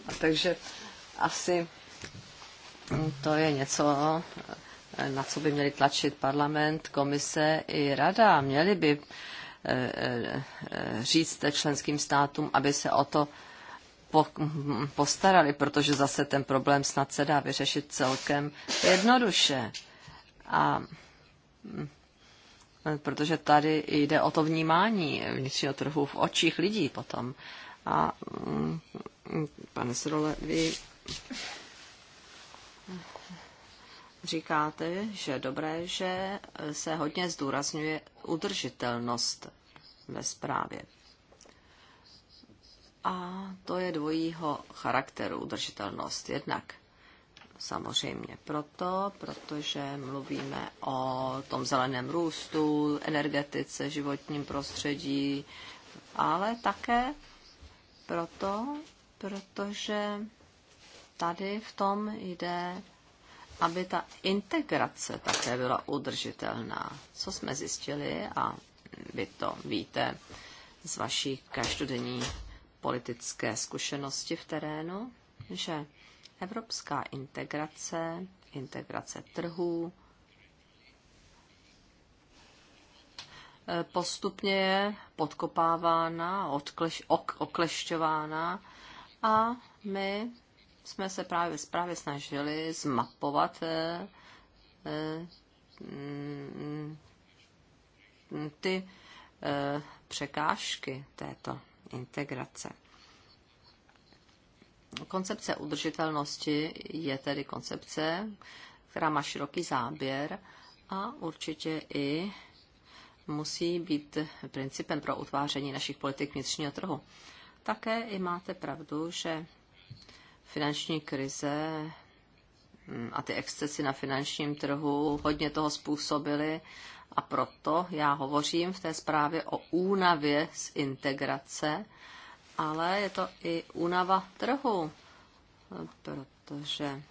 A takže asi to je něco, na co by měli tlačit parlament, komise i rada. Měli by Eh, eh, říct členským státům, aby se o to postarali, protože zase ten problém snad se dá vyřešit celkem jednoduše. A mm, protože tady jde o to vnímání vnitřního trhu v očích lidí potom. A mm, pane Srole, vy říkáte, že dobré, že se hodně zdůrazňuje udržitelnost ve zprávě. A to je dvojího charakteru udržitelnost. Jednak samozřejmě proto, protože mluvíme o tom zeleném růstu, energetice, životním prostředí, ale také proto, protože tady v tom jde aby ta integrace také byla udržitelná. Co jsme zjistili, a vy to víte z vaší každodenní politické zkušenosti v terénu, že evropská integrace, integrace trhů, eh, postupně je podkopávána, okleš, ok, oklešťována a my jsme se právě, právě snažili zmapovat eh, eh, mm, ty eh, překážky této integrace. Koncepce udržitelnosti je tedy koncepce, která má široký záběr a určitě i musí být principem pro utváření našich politik vnitřního trhu. Také i máte pravdu, že finanční krize mm, a ty excesy na finančním trhu hodně toho způsobily a proto já hovořím v té zprávě o únavě z integrace, ale je to i únava trhu, protože e,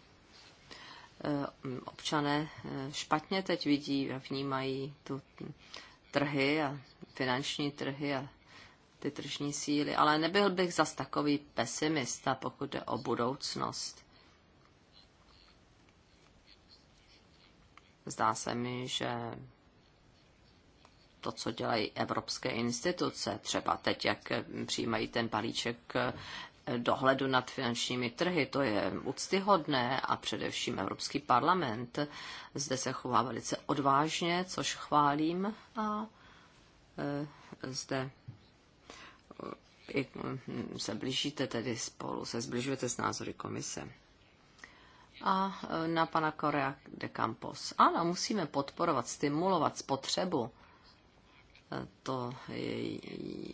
občané e, špatně teď vidí a vnímají tu trhy a finanční trhy a ty tržní síly, ale nebyl bych zas takový pesimista, pokud jde o budoucnost. Zdá se mi, že to, co dělají evropské instituce, třeba teď, jak přijímají ten balíček dohledu nad finančními trhy, to je úctyhodné a především Evropský parlament. Zde se chová velice odvážně, což chválím a e, zde jak hm, se blížíte tedy spolu, se zbližujete s názory komise. A e, na pana Korea de Campos. Ano, musíme podporovat, stimulovat spotřebu. E, to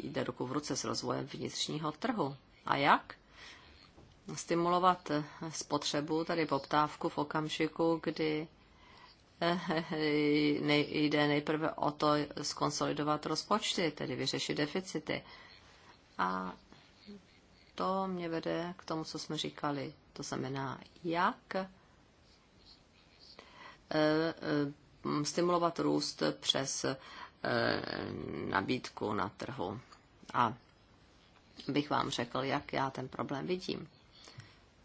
jde ruku v ruce s rozvojem vnitřního trhu. A jak? Stimulovat e, spotřebu, tady poptávku v okamžiku, kdy jde nejprve o to skonsolidovat rozpočty, tedy vyřešit deficity. A to mě vede k tomu, co jsme říkali. To znamená, jak eh, eh, stimulovat růst přes eh, nabídku na trhu. A bych vám řekl, jak já ten problém vidím.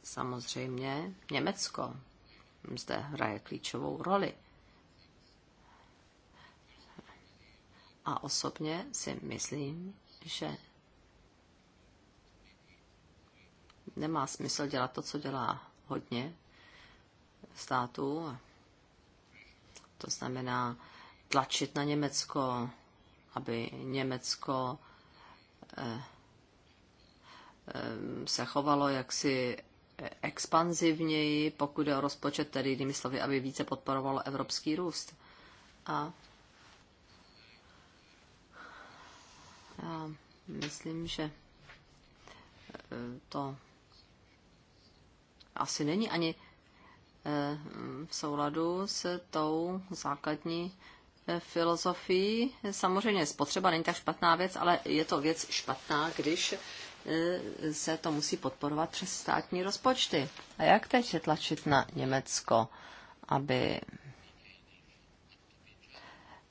Samozřejmě Německo zde hraje klíčovou roli. A osobně si myslím, že nemá smysl dělat to, co dělá hodně států. To znamená tlačit na Německo, aby Německo eh, eh, se chovalo jaksi expanzivněji, pokud je o rozpočet, tedy jinými slovy, aby více podporovalo evropský růst. A já myslím, že eh, to asi není ani eh, v souladu s tou základní eh, filozofií. Samozřejmě spotřeba není tak špatná věc, ale je to věc špatná, když eh, se to musí podporovat přes státní rozpočty. A jak teď je tlačit na Německo, aby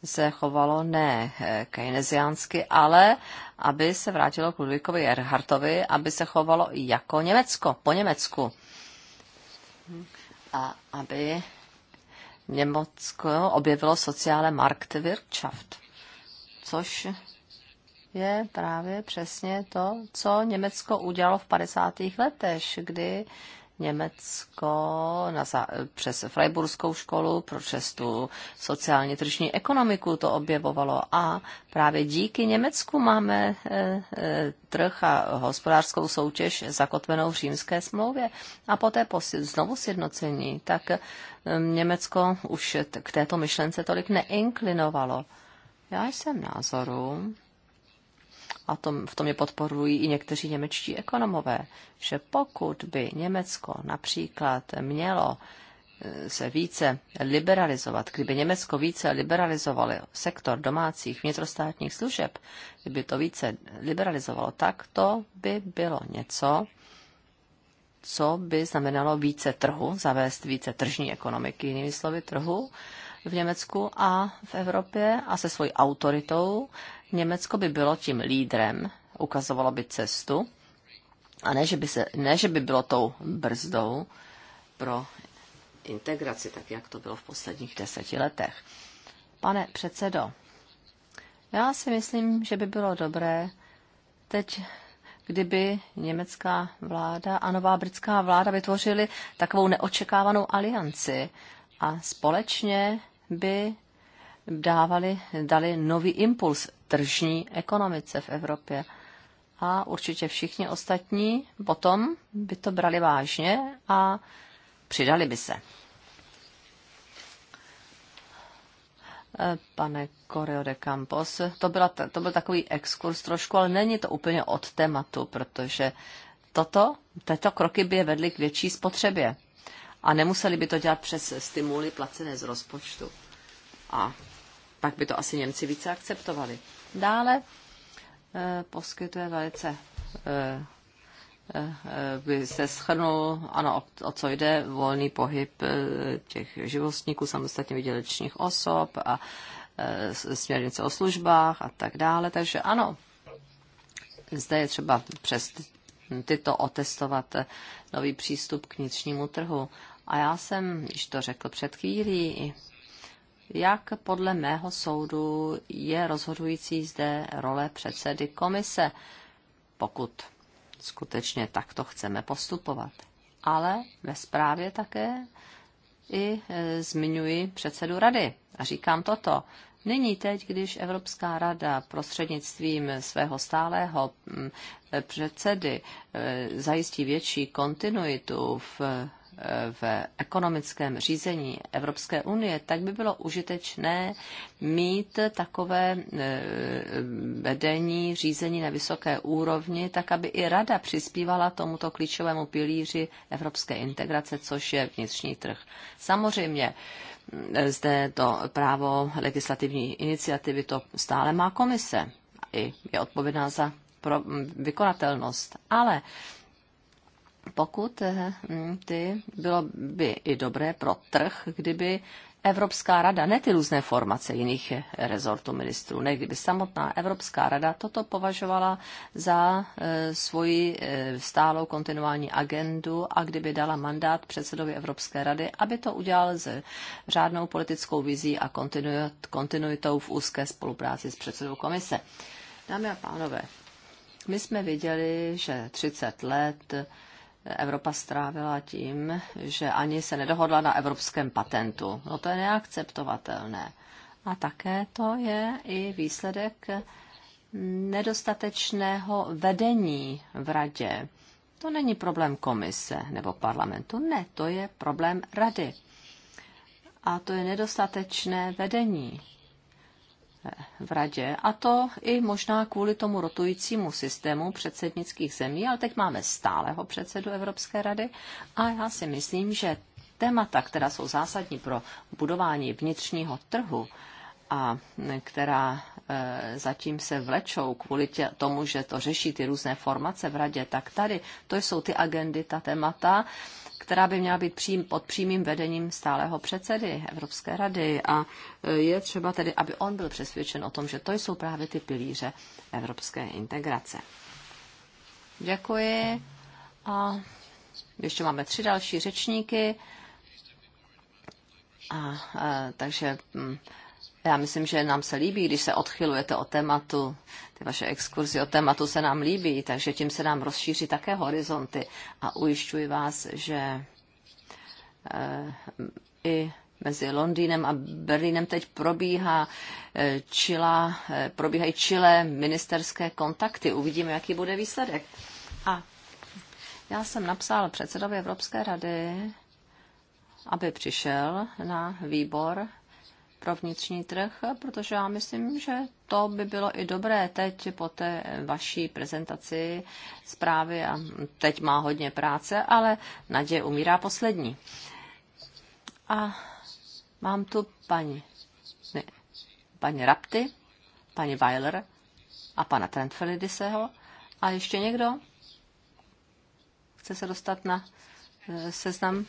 se chovalo ne keynesiánsky, ale aby se vrátilo k Ludvíkovi Erhartovi, aby se chovalo jako Německo, po Německu a aby Německo objevilo sociále Marktwirtschaft, což je právě přesně to, co Německo udělalo v 50. letech, kdy Německo na, přes Freiburskou školu, přes tu sociálně tržní ekonomiku to objevovalo a právě díky Německu máme e, e, trh a hospodářskou soutěž zakotvenou v římské smlouvě a poté posi, znovu sjednocení, tak e, Německo už k této myšlence tolik neinklinovalo. Já jsem názoru, a tom, v tom je podporují i někteří němečtí ekonomové, že pokud by Německo například mělo eh, se více liberalizovat, kdyby Německo více liberalizovalo sektor domácích vnitrostátních služeb, kdyby to více liberalizovalo, tak to by bylo něco, co by znamenalo více trhu, zavést více tržní ekonomiky, jinými slovy trhu v Německu a v Evropě a se svojí autoritou Německo by bylo tím lídrem, ukazovalo by cestu, a ne, že by, se, ne, že by bylo tou brzdou pro integraci, tak jak to bylo v posledních deseti letech. Pane předsedo, já si myslím, že by bylo dobré teď, kdyby německá vláda a nová britská vláda vytvořily takovou neočekávanou alianci a společně by dávali, dali nový impuls tržní ekonomice v Evropě. A určitě všichni ostatní potom by to brali vážně a přidali by se. Pane Correo de Campos, to, byla, to byl takový exkurs trošku, ale není to úplně od tématu, protože toto, tyto kroky by je vedly k větší spotřebě. A nemuseli by to dělat přes stimuly placené z rozpočtu. A pak by to asi Němci více akceptovali. Dále eh, poskytuje velice by eh, eh, se schrnul, ano, o, o co jde, volný pohyb těch živostníků, samostatně vydělečních osob a směrnice o službách a tak dále. Takže ano, zde je třeba přes tyto otestovat nový přístup k vnitřnímu trhu. A já jsem již to řekl před chvílí, jak podle mého soudu je rozhodující zde role předsedy komise, pokud skutečně takto chceme postupovat. Ale ve zprávě také i e, zmiňuji předsedu rady a říkám toto. Nyní teď, když Evropská rada prostřednictvím svého stálého e, předsedy e, zajistí větší kontinuitu v v ekonomickém řízení Evropské unie, tak by bylo užitečné mít takové e, vedení, řízení na vysoké úrovni, tak aby i rada přispívala tomuto klíčovému pilíři evropské integrace, což je vnitřní trh. Samozřejmě e, zde to právo legislativní iniciativy to stále má komise i je odpovědná za pro vykonatelnost. Ale pokud eh, hm, ty bylo by i dobré pro trh, kdyby Evropská rada, ne ty různé formace jiných eh, rezortů ministrů, ne kdyby samotná Evropská rada toto považovala za e, svoji e, stálou kontinuální agendu a kdyby dala mandát předsedovi Evropské rady, aby to udělal s řádnou politickou vizí a kontinuitou v úzké spolupráci s předsedou komise. Dámy a pánové, my jsme viděli, že 30 let Evropa strávila tím, že ani se nedohodla na evropském patentu. No to je neakceptovatelné. A také to je i výsledek nedostatečného vedení v radě. To není problém komise nebo parlamentu, ne, to je problém rady. A to je nedostatečné vedení v radě. A to i možná kvůli tomu rotujícímu systému předsednických zemí, ale teď máme stáleho předsedu Evropské rady a já si myslím, že témata, která jsou zásadní pro budování vnitřního trhu a která e, zatím se vlečou kvůli tě, tomu, že to řeší ty různé formace v radě, tak tady to jsou ty agendy, ta témata, která by měla být přím, pod přímým vedením stáleho předsedy Evropské rady. A e, je třeba tedy, aby on byl přesvědčen o tom, že to jsou právě ty pilíře evropské integrace. Děkuji. A ještě máme tři další řečníky. A, a e, takže mm, já myslím, že nám se líbí, když se odchylujete od tématu. Ty vaše exkurzy od tématu se nám líbí, takže tím se nám rozšíří také horizonty. A ujišťuji vás, že eh, i mezi Londýnem a Berlínem teď probíhá čila, eh, eh, probíhají čile ministerské kontakty. Uvidíme, jaký bude výsledek. A já jsem napsal předsedovi Evropské rady, aby přišel na výbor pro vnitřní trh, protože já myslím, že to by bylo i dobré teď po té vaší prezentaci zprávy a teď má hodně práce, ale naděje umírá poslední. A mám tu paní, ne, paní Rapty, paní Weiler a pana Trentfelidiseho a ještě někdo? Chce se dostat na eh, seznam?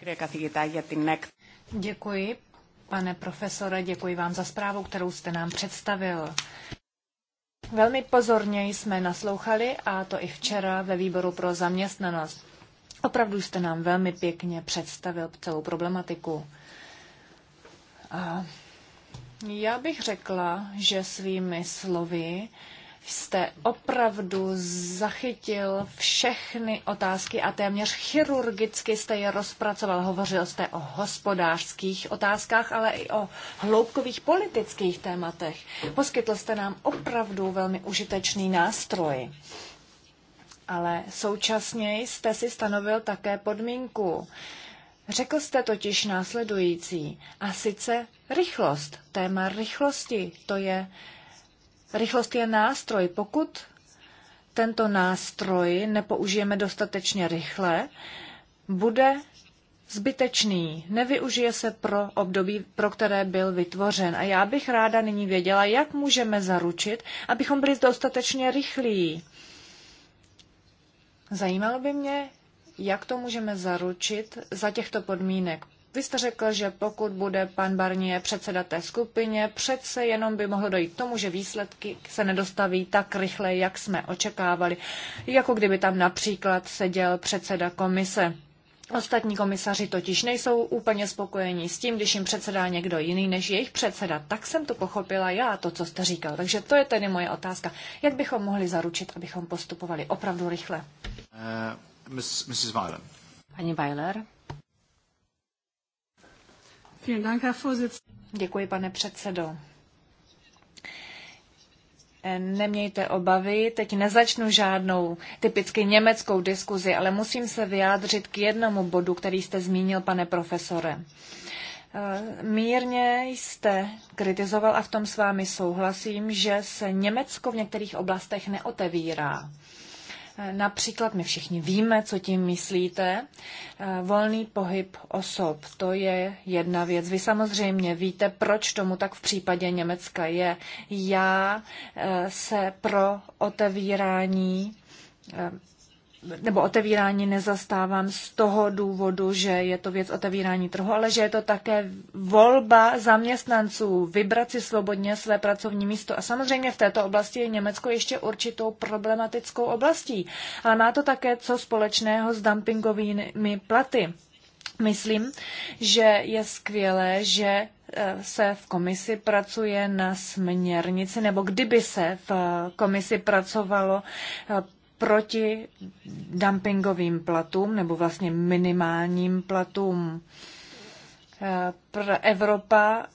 Κύριε Καθηγητά, για την nekt Děkuji, pane profesore, děkuji vám za zprávu, kterou jste nám představil. Velmi pozorně jsme naslouchali, a to i včera ve výboru pro zaměstnanost. Opravdu jste nám velmi pěkně představil celou problematiku. A já bych řekla, že svými slovy jste opravdu zachytil všechny otázky a téměř chirurgicky jste je rozpracoval. Hovořil jste o hospodářských otázkách, ale i o hloubkových politických tématech. Poskytl jste nám opravdu velmi užitečný nástroj. Ale současně jste si stanovil také podmínku. Řekl jste totiž následující, a sice rychlost. Téma rychlosti, to je Rychlost je nástroj. Pokud tento nástroj nepoužijeme dostatečně rychle, bude zbytečný, nevyužije se pro období, pro které byl vytvořen. A já bych ráda nyní věděla, jak můžeme zaručit, abychom byli dostatečně rychlí. Zajímalo by mě, jak to můžeme zaručit za těchto podmínek. Vy jste řekl, že pokud bude pan Barnier předseda té skupině, přece jenom by mohlo dojít k tomu, že výsledky se nedostaví tak rychle, jak jsme očekávali, jako kdyby tam například seděl předseda komise. Ostatní komisaři totiž nejsou úplně spokojení s tím, když jim předsedá někdo jiný než jejich předseda. Tak jsem to pochopila já, to, co jste říkal. Takže to je tedy moje otázka. Jak bychom mohli zaručit, abychom postupovali opravdu rychle? Uh, Mrs. Weiler. Pani Weiler. Děkuji, pane předsedo. Nemějte obavy, teď nezačnu žádnou typicky německou diskuzi, ale musím se vyjádřit k jednomu bodu, který jste zmínil, pane profesore. Mírně jste kritizoval, a v tom s vámi souhlasím, že se Německo v některých oblastech neotevírá. Například my všichni víme, co tím myslíte. Eh, volný pohyb osob, to je jedna věc. Vy samozřejmě víte, proč tomu tak v případě Německa je. Já eh, se pro otevírání eh, nebo otevírání nezastávám z toho důvodu, že je to věc otevírání trhu, ale že je to také volba zaměstnanců vybrat si svobodně své pracovní místo. A samozřejmě v této oblasti je Německo ještě určitou problematickou oblastí, ale má to také co společného s dumpingovými platy. Myslím, že je skvělé, že eh, se v komisi pracuje na směrnici, nebo kdyby se v eh, komisi pracovalo eh, proti dumpingovým platům nebo vlastně minimálním platům. Eh, Evropa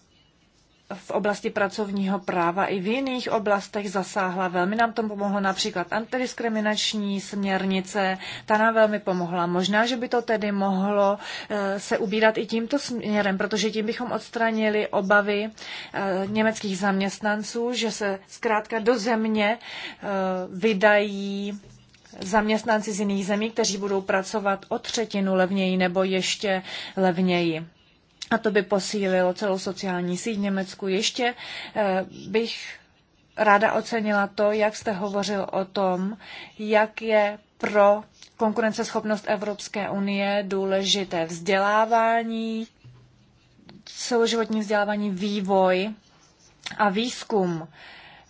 v oblasti pracovního práva i v jiných oblastech zasáhla. Velmi nám tomu pomohla například antidiskriminační směrnice, ta nám velmi pomohla. Možná, že by to tedy mohlo eh, se ubírat i tímto směrem, protože tím bychom odstranili obavy eh, německých zaměstnanců, že se zkrátka do země vydají zaměstnanci z jiných zemí, kteří budou pracovat o třetinu levněji nebo ještě levněji. A to by posílilo celou sociální síť v Německu. Ještě eh, bych ráda ocenila to, jak jste hovořil o tom, jak je pro konkurenceschopnost Evropské unie důležité vzdělávání, celoživotní vzdělávání, vývoj a výzkum.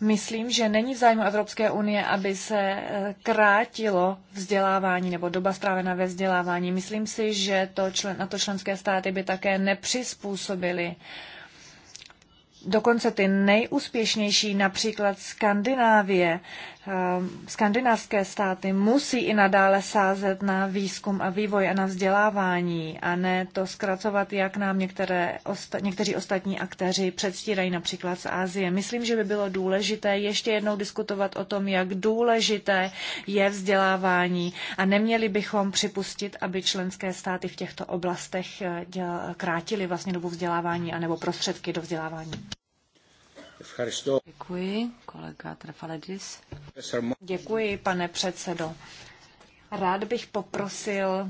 Myslím, že není v zájmu Evropské unie, aby se eh, krátilo vzdělávání nebo doba strávená ve vzdělávání. Myslím si, že to člen, na to členské státy by také nepřizpůsobily. Dokonce ty nejúspěšnější, například Skandinávie, Ehm, skandinávské státy musí i nadále sázet na výzkum a vývoj a na vzdělávání a ne to zkracovat, jak nám některé, osta, někteří ostatní aktéři předstírají například z Ázie. Myslím, že by bylo důležité ještě jednou diskutovat o tom, jak důležité je vzdělávání a neměli bychom připustit, aby členské státy v těchto oblastech eh, děl, krátili vlastně dobu vzdělávání anebo prostředky do vzdělávání. Děkuji, kolega Trafaledis. Děkuji, pane předsedo. Rád bych poprosil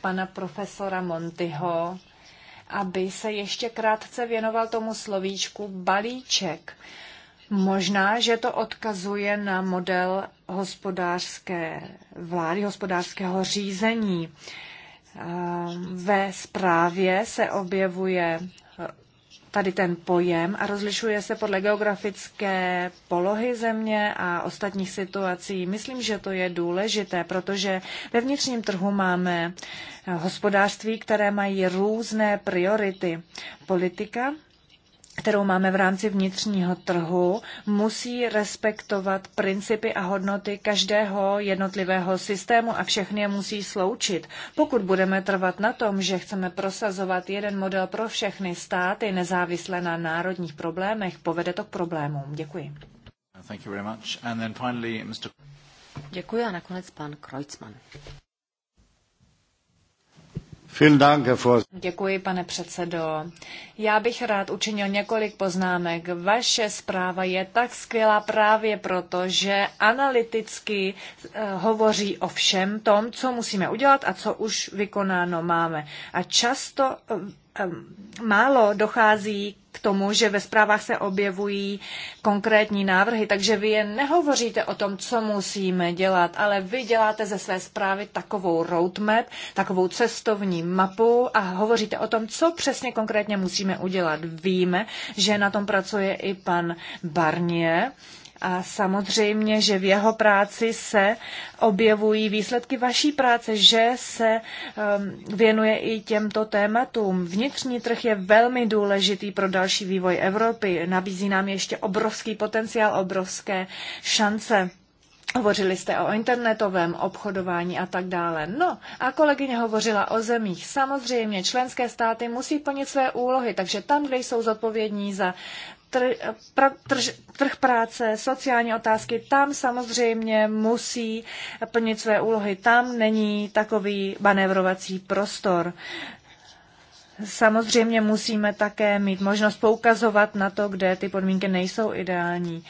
pana profesora Montyho, aby se ještě krátce věnoval tomu slovíčku balíček. Možná, že to odkazuje na model hospodářské vlády, hospodářského řízení. Ve zprávě se objevuje tady ten pojem a rozlišuje se podle geografické polohy země a ostatních situací. Myslím, že to je důležité, protože ve vnitřním trhu máme eh, hospodářství, které mají různé priority. Politika kterou máme v rámci vnitřního trhu, musí respektovat principy a hodnoty každého jednotlivého systému a všechny je musí sloučit. Pokud budeme trvat na tom, že chceme prosazovat jeden model pro všechny státy, nezávisle na národních problémech, povede to k problémům. Děkuji. Thank you very much. And then finally, Mr. Děkuji a nakonec pan Kreutzmann. Děkuji, pane předsedo. Já bych rád učinil několik poznámek. Vaše zpráva je tak skvělá právě proto, že analyticky eh, hovoří o všem tom, co musíme udělat a co už vykonáno máme. A často eh, eh, málo dochází tomu, že ve zprávách se objevují konkrétní návrhy, takže vy jen nehovoříte o tom, co musíme dělat, ale vy děláte ze své zprávy takovou roadmap, takovou cestovní mapu a hovoříte o tom, co přesně konkrétně musíme udělat. Víme, že na tom pracuje i pan Barnier, a samozřejmě, že v jeho práci se objevují výsledky vaší práce, že se um, věnuje i těmto tématům. Vnitřní trh je velmi důležitý pro další vývoj Evropy. Nabízí nám ještě obrovský potenciál, obrovské šance. Hovořili jste o internetovém obchodování a tak dále. No a kolegyně hovořila o zemích. Samozřejmě členské státy musí plnit své úlohy, takže tam, kde jsou zodpovědní za tr- trh práce, sociální otázky, tam samozřejmě musí plnit své úlohy. Tam není takový manévrovací prostor. Samozřejmě musíme také mít možnost poukazovat na to, kde ty podmínky nejsou ideální.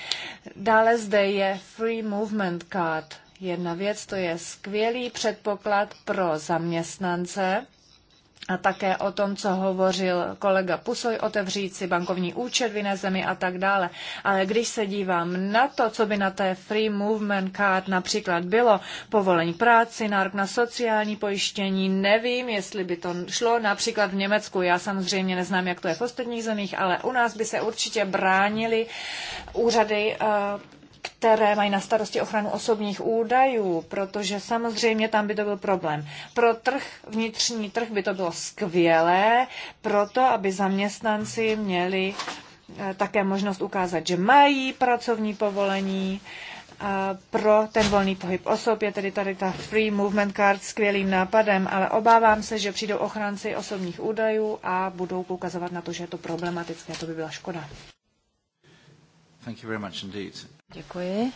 Dále zde je Free Movement Card. Jedna věc, to je skvělý předpoklad pro zaměstnance, a také o tom, co hovořil kolega Pusoj, otevřít si bankovní účet v jiné zemi a tak dále. Ale když se dívám na to, co by na té Free Movement Card například bylo, povolení práci, nárok na sociální pojištění, nevím, jestli by to šlo například v Německu. Já samozřejmě neznám, jak to je v ostatních zemích, ale u nás by se určitě bránili úřady uh, které mají na starosti ochranu osobních údajů, protože samozřejmě tam by to byl problém. Pro trh, vnitřní trh by to bylo skvělé, proto aby zaměstnanci měli eh, také možnost ukázat, že mají pracovní povolení. A pro ten volný pohyb osob je tedy tady ta Free Movement Card skvělým nápadem, ale obávám se, že přijdou ochránci osobních údajů a budou poukazovat na to, že je to problematické. To by byla škoda. Thank you very much indeed. Děkuji.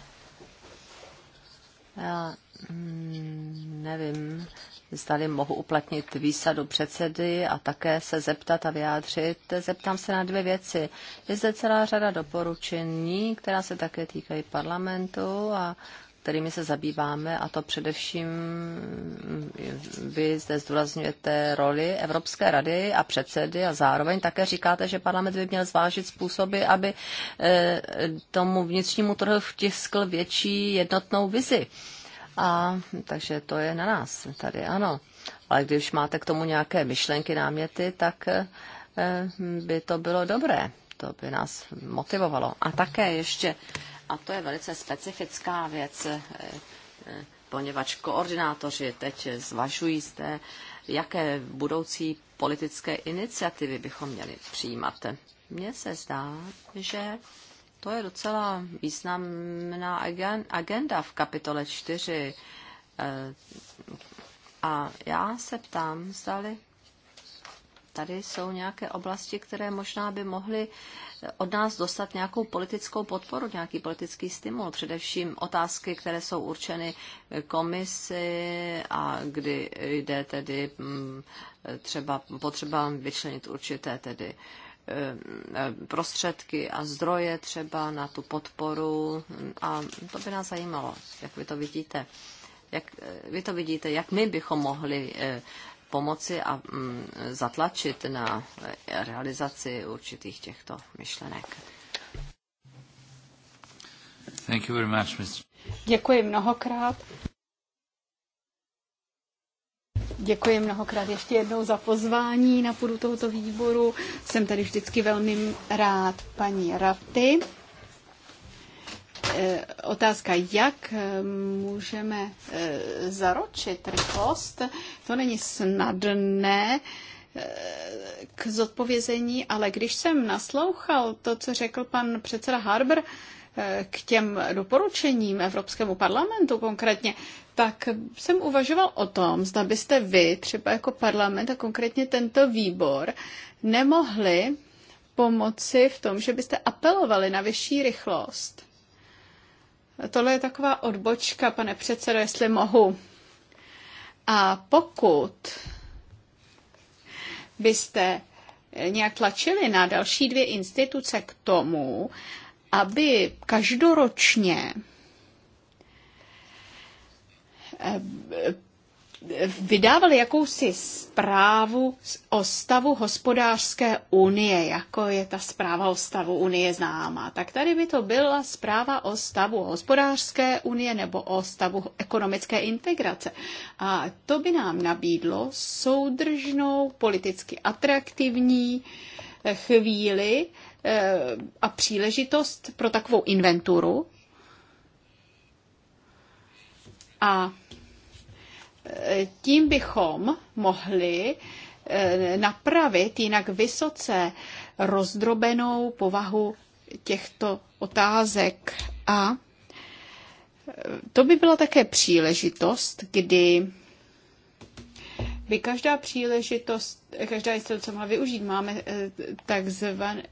Já mm, nevím, zdali mohu uplatnit výsadu předsedy a také se zeptat a vyjádřit. Zeptám se na dvě věci. Je zde celá řada doporučení, která se také týkají parlamentu a kterými se zabýváme, a to především mm, vy zde zdůrazňujete roli Evropské rady a předsedy a zároveň také říkáte, že parlament by měl zvážit způsoby, aby eh, tomu vnitřnímu trhu vtiskl větší jednotnou vizi. A takže to je na nás tady, ano. Ale když máte k tomu nějaké myšlenky, náměty, tak eh, by to bylo dobré. To by nás motivovalo. A také ještě a to je velice specifická věc, eh, eh, poněvadž koordinátoři teď zvažují zde, jaké budoucí politické iniciativy bychom měli přijímat. Mně se zdá, že to je docela významná agenda v kapitole 4. Eh, a já se ptám, zdali tady jsou nějaké oblasti, které možná by mohly eh, od nás dostat nějakou politickou podporu, nějaký politický stimul. Především otázky, které jsou určeny komisi a kdy jde tedy mm, třeba potřeba vyčlenit určité tedy eh, prostředky a zdroje třeba na tu podporu a to by nás zajímalo, jak vy to vidíte. Jak eh, vy to vidíte, jak my bychom mohli pomoci a mm, zatlačit na realizaci určitých těchto myšlenek. Thank you very much, Mr. Děkuji mnohokrát. Děkuji mnohokrát ještě jednou za pozvání na půdu tohoto výboru. Jsem tady vždycky velmi rád paní Raty. Eh, otázka, jak eh, můžeme eh, zaručit rychlost, to není snadné k zodpovězení, ale když jsem naslouchal to, co řekl pan předseda Harber k těm doporučením Evropskému parlamentu konkrétně, tak jsem uvažoval o tom, zda byste vy, třeba jako parlament a konkrétně tento výbor, nemohli pomoci v tom, že byste apelovali na vyšší rychlost Tohle je taková odbočka, pane předsedo, jestli mohu. A pokud byste nějak tlačili na další dvě instituce k tomu, aby každoročně eh, vydával jakousi zprávu o stavu hospodářské unie, jako je ta zpráva o stavu unie známá. Tak tady by to byla zpráva o stavu hospodářské unie nebo o stavu ekonomické integrace. A to by nám nabídlo soudržnou, politicky atraktivní eh, chvíli eh, a příležitost pro takovou inventuru. A tím bychom mohli eh, napravit jinak vysoce rozdrobenou povahu těchto otázek. A eh, to by byla také příležitost, kdy by každá příležitost, každá instituce mohla využít. Máme eh, takzvaný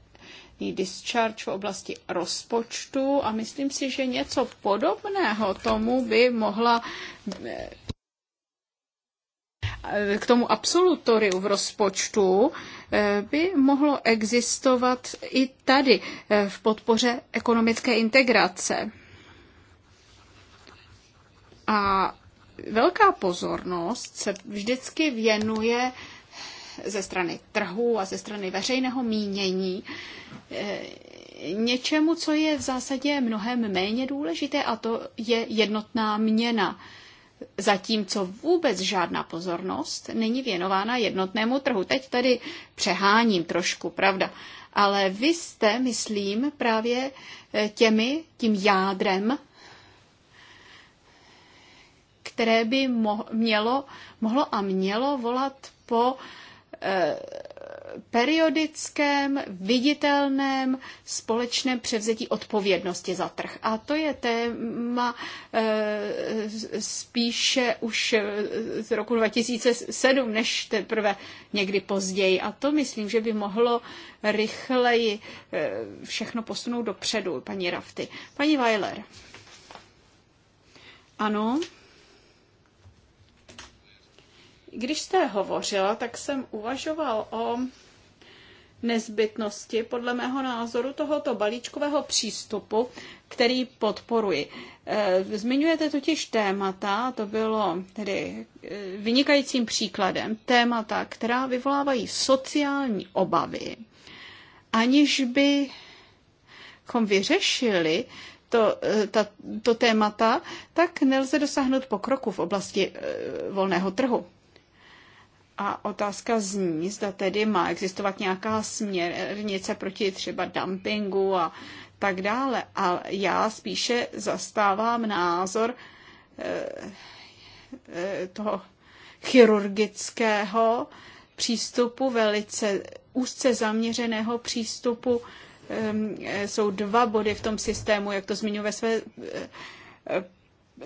discharge v oblasti rozpočtu a myslím si, že něco podobného tomu by mohla k tomu absolutoriu v rozpočtu eh, by mohlo existovat i tady eh, v podpoře ekonomické integrace. A velká pozornost se vždycky věnuje ze strany trhu a ze strany veřejného mínění eh, něčemu, co je v zásadě mnohem méně důležité, a to je jednotná měna zatímco vůbec žádná pozornost není věnována jednotnému trhu. Teď tady přeháním trošku, pravda. Ale vy jste, myslím, právě eh, těmi, tím jádrem, které by mo- mělo, mohlo a mělo volat po eh, periodickém, viditelném společném převzetí odpovědnosti za trh. A to je téma eh, spíše už eh, z roku 2007, než teprve někdy později. A to myslím, že by mohlo rychleji eh, všechno posunout dopředu, paní Rafty. Paní Weiler. Ano. Když jste hovořila, tak jsem uvažoval o nezbytnosti, podle mého názoru, tohoto balíčkového přístupu, který podporuji. Eh, zmiňujete totiž témata, to bylo tedy eh, vynikajícím příkladem, témata, která vyvolávají sociální obavy, aniž bychom vyřešili to, eh, ta, to témata, tak nelze dosáhnout pokroku v oblasti volného trhu. A otázka zní, zda tedy má existovat nějaká směrnice proti třeba dumpingu a tak dále. A já spíše zastávám názor eh, toho chirurgického přístupu, velice úzce zaměřeného přístupu. Ehm, eh, jsou dva body v tom systému, jak to zmiňuji ve své eh,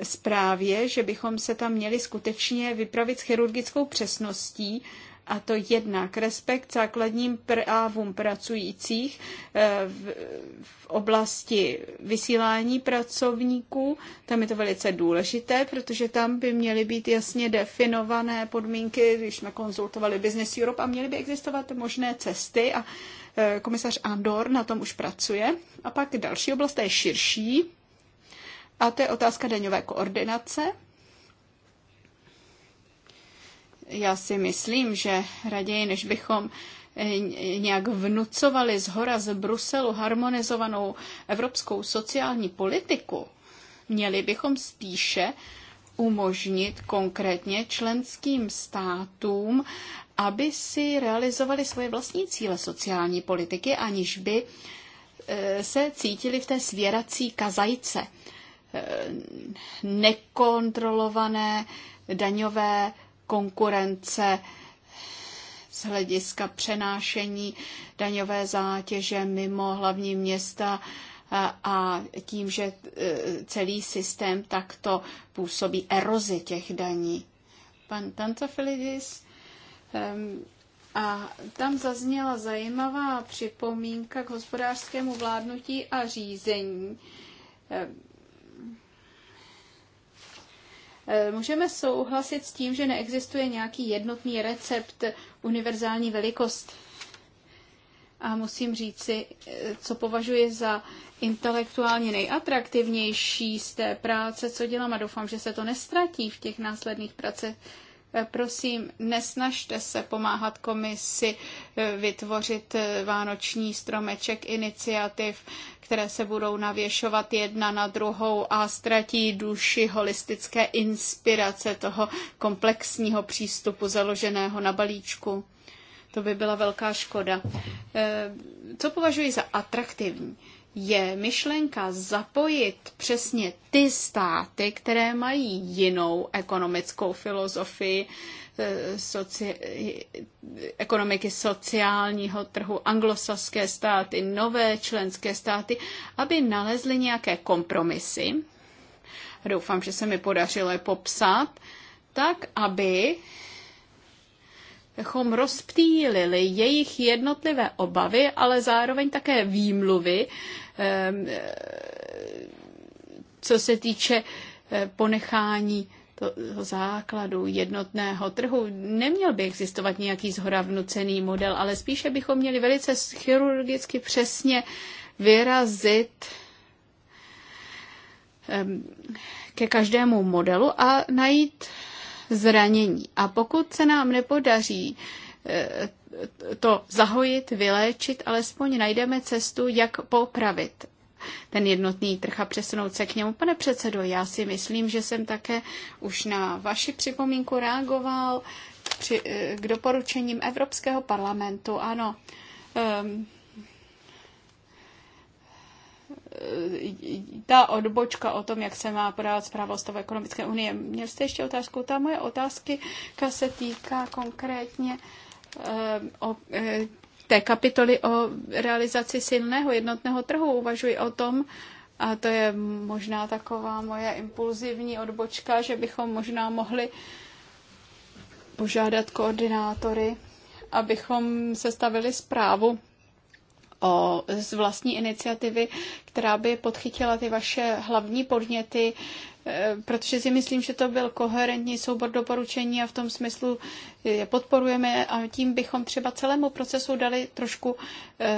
zprávě, že bychom se tam měli skutečně vypravit s chirurgickou přesností, a to jednak respekt základním právům pracujících eh, v oblasti vysílání pracovníků. Tam je to velice důležité, protože tam by měly být jasně definované podmínky, když jsme konzultovali Business Europe a měly by existovat možné cesty a eh, komisař Andor na tom už pracuje. A pak další oblast, je širší, a to je otázka daňové koordinace. Já si myslím, že raději, než bychom eh, nějak vnucovali z hora z Bruselu harmonizovanou evropskou sociální politiku, měli bychom spíše umožnit konkrétně členským státům, aby si realizovali svoje vlastní cíle sociální politiky, aniž by eh, se cítili v té svěrací kazajce nekontrolované daňové konkurence z hlediska přenášení daňové zátěže mimo hlavní města a tím, že e, celý systém takto působí erozi těch daní. Pan Tantofilidis a tam zazněla zajímavá připomínka k hospodářskému vládnutí a řízení Eh, můžeme souhlasit s tím, že neexistuje nějaký jednotný recept univerzální velikost. A musím říci, eh, co považuji za intelektuálně nejatraktivnější z té práce, co dělám a doufám, že se to nestratí v těch následných pracech, Eh, prosím, nesnažte se pomáhat komisi eh, vytvořit eh, vánoční stromeček iniciativ, které se budou navěšovat jedna na druhou a ztratí duši holistické inspirace toho komplexního přístupu založeného na balíčku. To by byla velká škoda. Co považuji za atraktivní? je myšlenka zapojit přesně ty státy, které mají jinou ekonomickou filozofii eh, soci, ekonomiky sociálního trhu, anglosaské státy, nové členské státy, aby nalezly nějaké kompromisy. Doufám, že se mi podařilo je popsat, tak aby bychom rozptýlili jejich jednotlivé obavy, ale zároveň také výmluvy, Ehm, e, co se týče e, ponechání toho základu jednotného trhu neměl by existovat nějaký zhora vnucený model, ale spíše bychom měli velice chirurgicky přesně vyrazit ehm, ke každému modelu a najít zranění. A pokud se nám nepodaří e, to zahojit, vyléčit, alespoň najdeme cestu, jak popravit ten jednotný trh a přesunout se k němu. Pane předsedo, já si myslím, že jsem také už na vaši připomínku reagoval při, eh, k doporučením Evropského parlamentu. Ano, um, ta odbočka o tom, jak se má podávat zpráva o stavu ekonomické unie. Měl jste ještě otázku? Ta moje otázka se týká konkrétně uh, Eh, o eh, té kapitoly o realizaci silného jednotného trhu. Uvažuji o tom, a to je možná taková moje impulzivní odbočka, že bychom možná mohli požádat koordinátory, abychom sestavili zprávu o, z vlastní iniciativy, která by podchytila ty vaše hlavní podněty, Eh, protože si myslím, že to byl koherentní soubor doporučení a v tom smyslu je podporujeme a tím bychom třeba celému procesu dali trošku eh,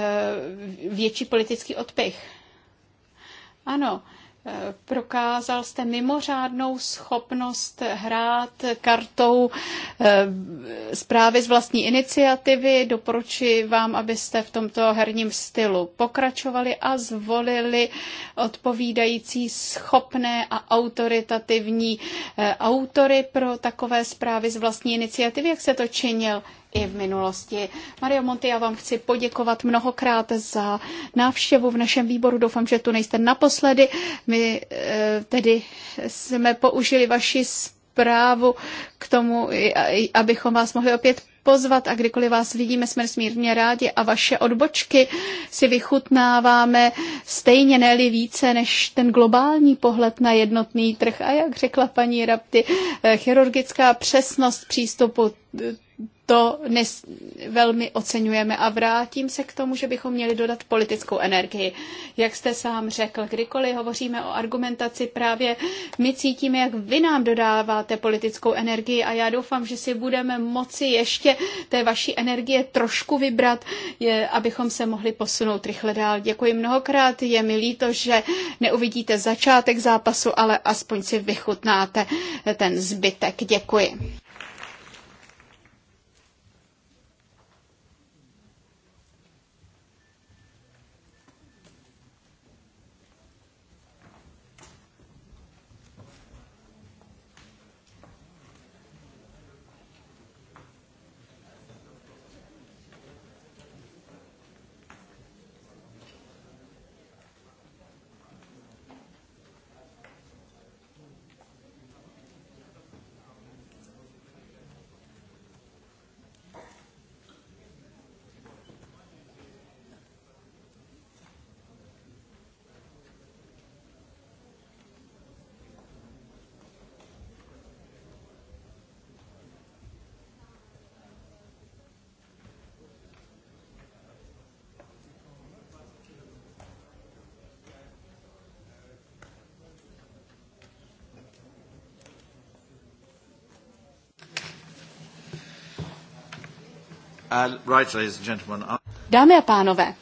větší politický odpich. Ano, Prokázal jste mimořádnou schopnost hrát kartou eh, zprávy z vlastní iniciativy. Doporučuji vám, abyste v tomto herním stylu pokračovali a zvolili odpovídající schopné a autoritativní eh, autory pro takové zprávy z vlastní iniciativy, jak se to činil i v minulosti. Mario Monti, já vám chci poděkovat mnohokrát za návštěvu v našem výboru. Doufám, že tu nejste naposledy. My eh, tedy jsme použili vaši zprávu k tomu, abychom vás mohli opět pozvat a kdykoliv vás vidíme, jsme smírně rádi a vaše odbočky si vychutnáváme stejně ne více než ten globální pohled na jednotný trh. A jak řekla paní Rapty, eh, chirurgická přesnost přístupu eh, to nes velmi oceňujeme a vrátím se k tomu, že bychom měli dodat politickou energii. Jak jste sám řekl, kdykoliv hovoříme o argumentaci, právě my cítíme, jak vy nám dodáváte politickou energii a já doufám, že si budeme moci ještě té vaší energie trošku vybrat, je, abychom se mohli posunout rychle dál. Děkuji mnohokrát, je mi líto, že neuvidíte začátek zápasu, ale aspoň si vychutnáte ten zbytek. Děkuji. Dámy a pánové,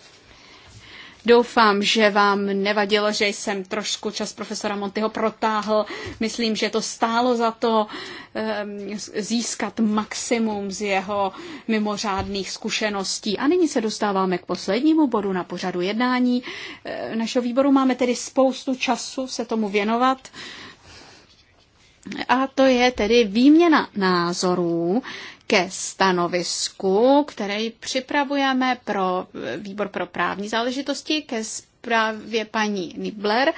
Doufám, že vám nevadilo, že jsem trošku čas profesora Montyho protáhl. Myslím, že to stálo za to ehm, získat maximum z jeho mimořádných zkušeností. A nyní se dostáváme k poslednímu bodu na pořadu jednání. Ehm, našeho výboru máme tedy spoustu času se tomu věnovat. A to je tedy výměna názorů ke stanovisku, který připravujeme pro výbor pro právní záležitosti, ke právě paní Nibler,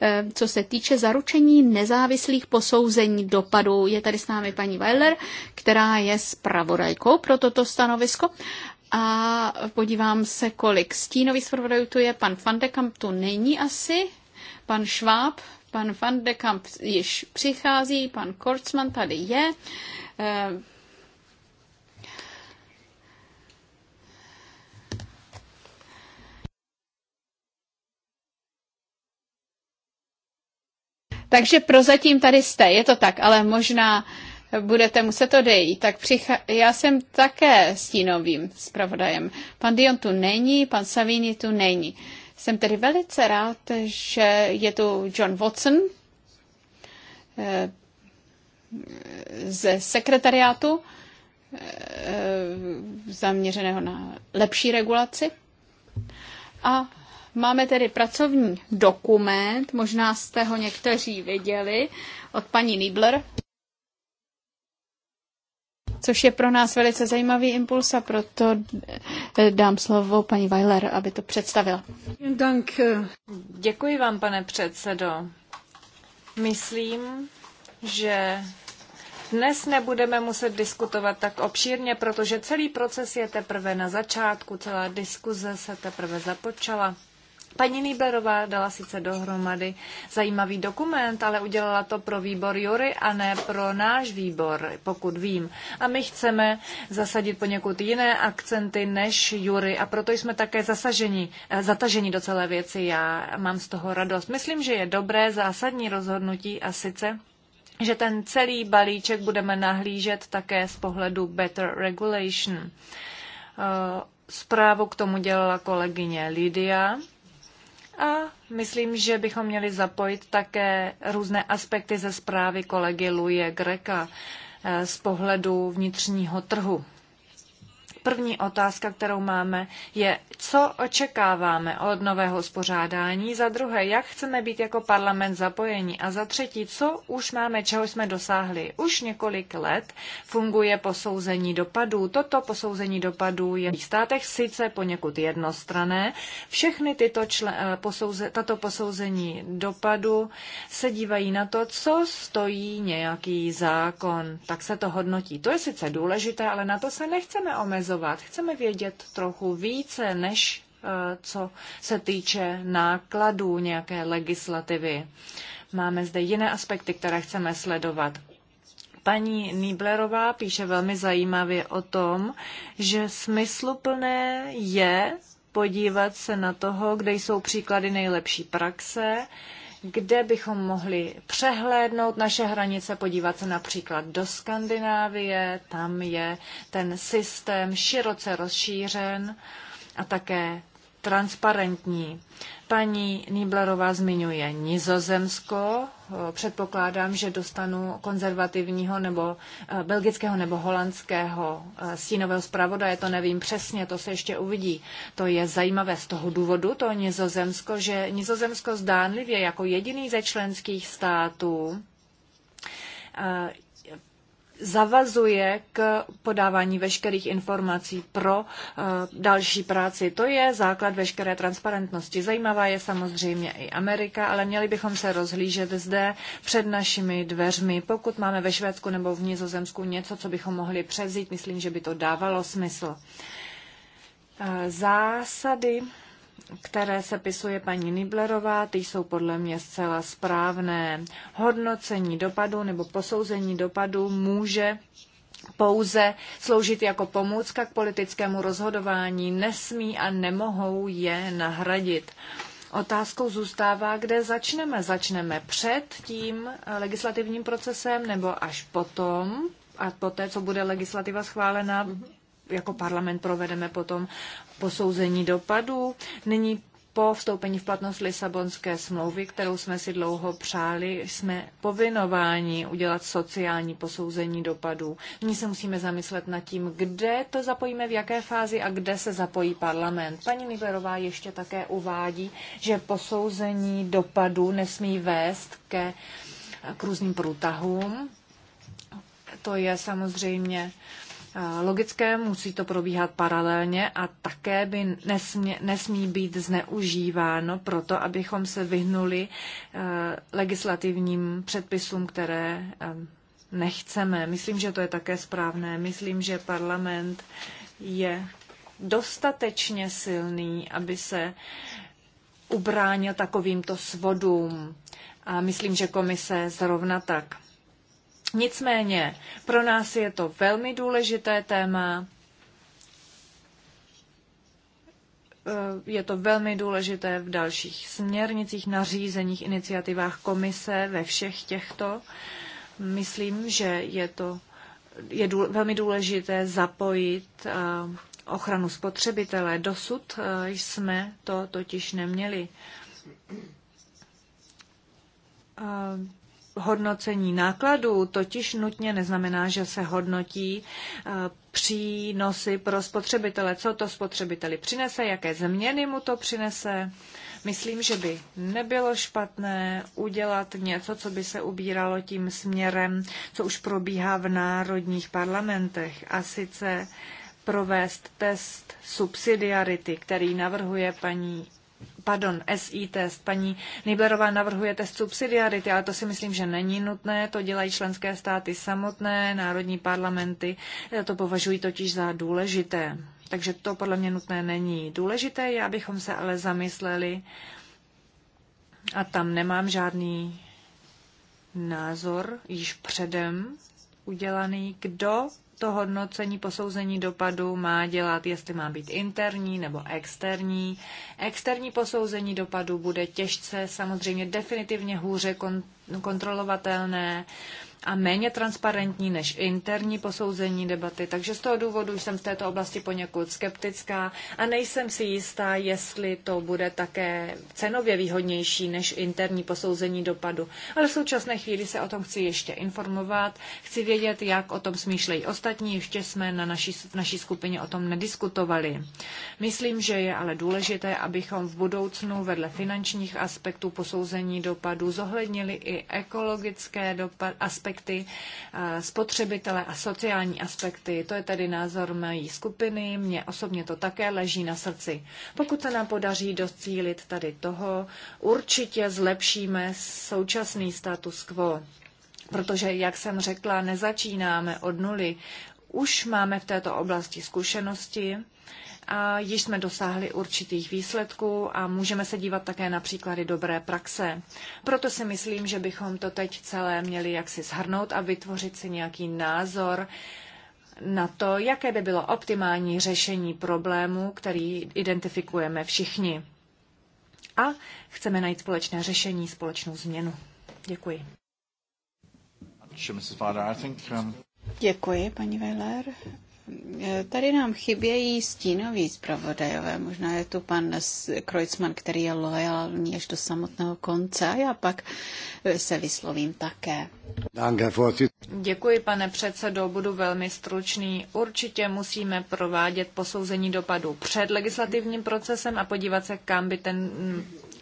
eh, co se týče zaručení nezávislých posouzení dopadů, Je tady s námi paní Weiler, která je zpravodajkou pro toto stanovisko. A podívám se, kolik stínových zpravodajů tu je. Pan Van de Kamp tu není asi. Pan Schwab, pan Van de Kamp již přichází, pan Korcman tady je. Eh, Takže prozatím tady jste, je to tak, ale možná budete muset odejít. Tak přichá... já jsem také stínovým zpravodajem. Pan Dion tu není, pan Savini tu není. Jsem tedy velice rád, že je tu John Watson eh, ze sekretariátu eh, zaměřeného na lepší regulaci. A Máme tedy pracovní dokument, možná jste ho někteří viděli, od paní Nibler, což je pro nás velice zajímavý impuls a proto eh, dám slovo paní Weiler, aby to představila. Děkuji vám, pane předsedo. Myslím, že dnes nebudeme muset diskutovat tak obšírně, protože celý proces je teprve na začátku, celá diskuze se teprve započala. Paní Nýblerová dala sice dohromady zajímavý dokument, ale udělala to pro výbor Jury a ne pro náš výbor, pokud vím. A my chceme zasadit poněkud jiné akcenty než Jury a proto jsme také zasaženi, eh, zataženi do celé věci. Já mám z toho radost. Myslím, že je dobré zásadní rozhodnutí a sice že ten celý balíček budeme nahlížet také z pohledu Better Regulation. Eh, zprávu k tomu dělala kolegyně Lydia a myslím, že bychom měli zapojit také různé aspekty ze zprávy kolegy Luje Greka eh, z pohledu vnitřního trhu první otázka, kterou máme, je, co očekáváme od nového spořádání, za druhé, jak chceme být jako parlament zapojeni a za třetí, co už máme, čeho jsme dosáhli. Už několik let funguje posouzení dopadů. Toto posouzení dopadů je v státech sice poněkud jednostrané. Všechny tyto čle, eh, posouze- tato posouzení dopadu se dívají na to, co stojí nějaký zákon. Tak se to hodnotí. To je sice důležité, ale na to se nechceme omezovat analyzovat. Chceme vědět trochu více, než eh, co se týče nákladů nějaké legislativy. Máme zde jiné aspekty, které chceme sledovat. Paní Nýblerová píše velmi zajímavě o tom, že smysluplné je podívat se na toho, kde jsou příklady nejlepší praxe, kde bychom mohli přehlédnout naše hranice, podívat se například do Skandinávie, tam je ten systém široce rozšířen a také transparentní. Paní Nýblerová zmiňuje Nizozemsko. Předpokládám, že dostanu konzervativního nebo eh, belgického nebo holandského eh, stínového zpravodaje, to nevím přesně, to se ještě uvidí. To je zajímavé z toho důvodu, to Nizozemsko, že Nizozemsko zdánlivě jako jediný ze členských států eh, zavazuje k podávání veškerých informací pro eh, další práci. To je základ veškeré transparentnosti. Zajímavá je samozřejmě i Amerika, ale měli bychom se rozhlížet zde před našimi dveřmi. Pokud máme ve Švédsku nebo v Nizozemsku něco, co bychom mohli převzít, myslím, že by to dávalo smysl. Eh, zásady které se pisuje paní Niblerová, ty jsou podle mě zcela správné. Hodnocení dopadu nebo posouzení dopadu může pouze sloužit jako pomůcka k politickému rozhodování, nesmí a nemohou je nahradit. Otázkou zůstává, kde začneme. Začneme před tím legislativním procesem nebo až potom, a poté, co bude legislativa schválena jako parlament provedeme potom posouzení dopadů. Nyní po vstoupení v platnost Lisabonské smlouvy, kterou jsme si dlouho přáli, jsme povinováni udělat sociální posouzení dopadů. Nyní se musíme zamyslet nad tím, kde to zapojíme, v jaké fázi a kde se zapojí parlament. Paní Niverová ještě také uvádí, že posouzení dopadů nesmí vést ke k různým průtahům. To je samozřejmě Eh, logické, musí to probíhat paralelně a také by nesmě, nesmí být zneužíváno proto, abychom se vyhnuli eh, legislativním předpisům, které eh, nechceme. Myslím, že to je také správné. Myslím, že parlament je dostatečně silný, aby se ubránil takovýmto svodům. A myslím, že komise zrovna tak. Nicméně pro nás je to velmi důležité téma. Eh, je to velmi důležité v dalších směrnicích, nařízeních, iniciativách komise, ve všech těchto. Myslím, že je to je důle, velmi důležité zapojit eh, ochranu spotřebitele. Dosud eh, jsme to totiž neměli hodnocení nákladů totiž nutně neznamená, že se hodnotí eh, přínosy pro spotřebitele. Co to spotřebiteli přinese, jaké změny mu to přinese. Myslím, že by nebylo špatné udělat něco, co by se ubíralo tím směrem, co už probíhá v národních parlamentech. A sice provést test subsidiarity, který navrhuje paní pardon, SI test. Paní Niblerová navrhuje test subsidiarity, ale to si myslím, že není nutné. To dělají členské státy samotné, národní parlamenty eh, to považují totiž za důležité. Takže to podle mě nutné není. Důležité je, abychom se ale zamysleli, a tam nemám žádný názor již předem udělaný, kdo to hodnocení posouzení dopadu má dělat, jestli má být interní nebo externí. Externí posouzení dopadu bude těžce, samozřejmě definitivně hůře kontrolovatelné a méně transparentní než interní posouzení debaty. Takže z toho důvodu jsem v této oblasti poněkud skeptická a nejsem si jistá, jestli to bude také cenově výhodnější než interní posouzení dopadu. Ale v současné chvíli se o tom chci ještě informovat. Chci vědět, jak o tom smýšlejí ostatní ostatní, ještě jsme na naší, naší skupině o tom nediskutovali. Myslím, že je ale důležité, abychom v budoucnu vedle finančních aspektů posouzení dopadů zohlednili i ekologické dopad, aspekty, spotřebitele a sociální aspekty. To je tedy názor mojí skupiny, mně osobně to také leží na srdci. Pokud se nám podaří docílit tady toho, určitě zlepšíme současný status quo protože, jak jsem řekla, nezačínáme od nuly. Už máme v této oblasti zkušenosti a již jsme dosáhli určitých výsledků a můžeme se dívat také na příklady dobré praxe. Proto si myslím, že bychom to teď celé měli jaksi shrnout a vytvořit si nějaký názor na to, jaké by bylo optimální řešení problému, který identifikujeme všichni. A chceme najít společné řešení, společnou změnu. Děkuji. Um, Děkuji, paní Weiler. Eh, tady nám chybějí stínoví zpravodajové. Možná je tu pan Kreutzmann, který je loajální až do samotného konce a já pak eh, se vyslovím také. Děkuji, pane předsedo, budu velmi stručný. Určitě musíme provádět posouzení dopadu před legislativním procesem a podívat se, kam by ten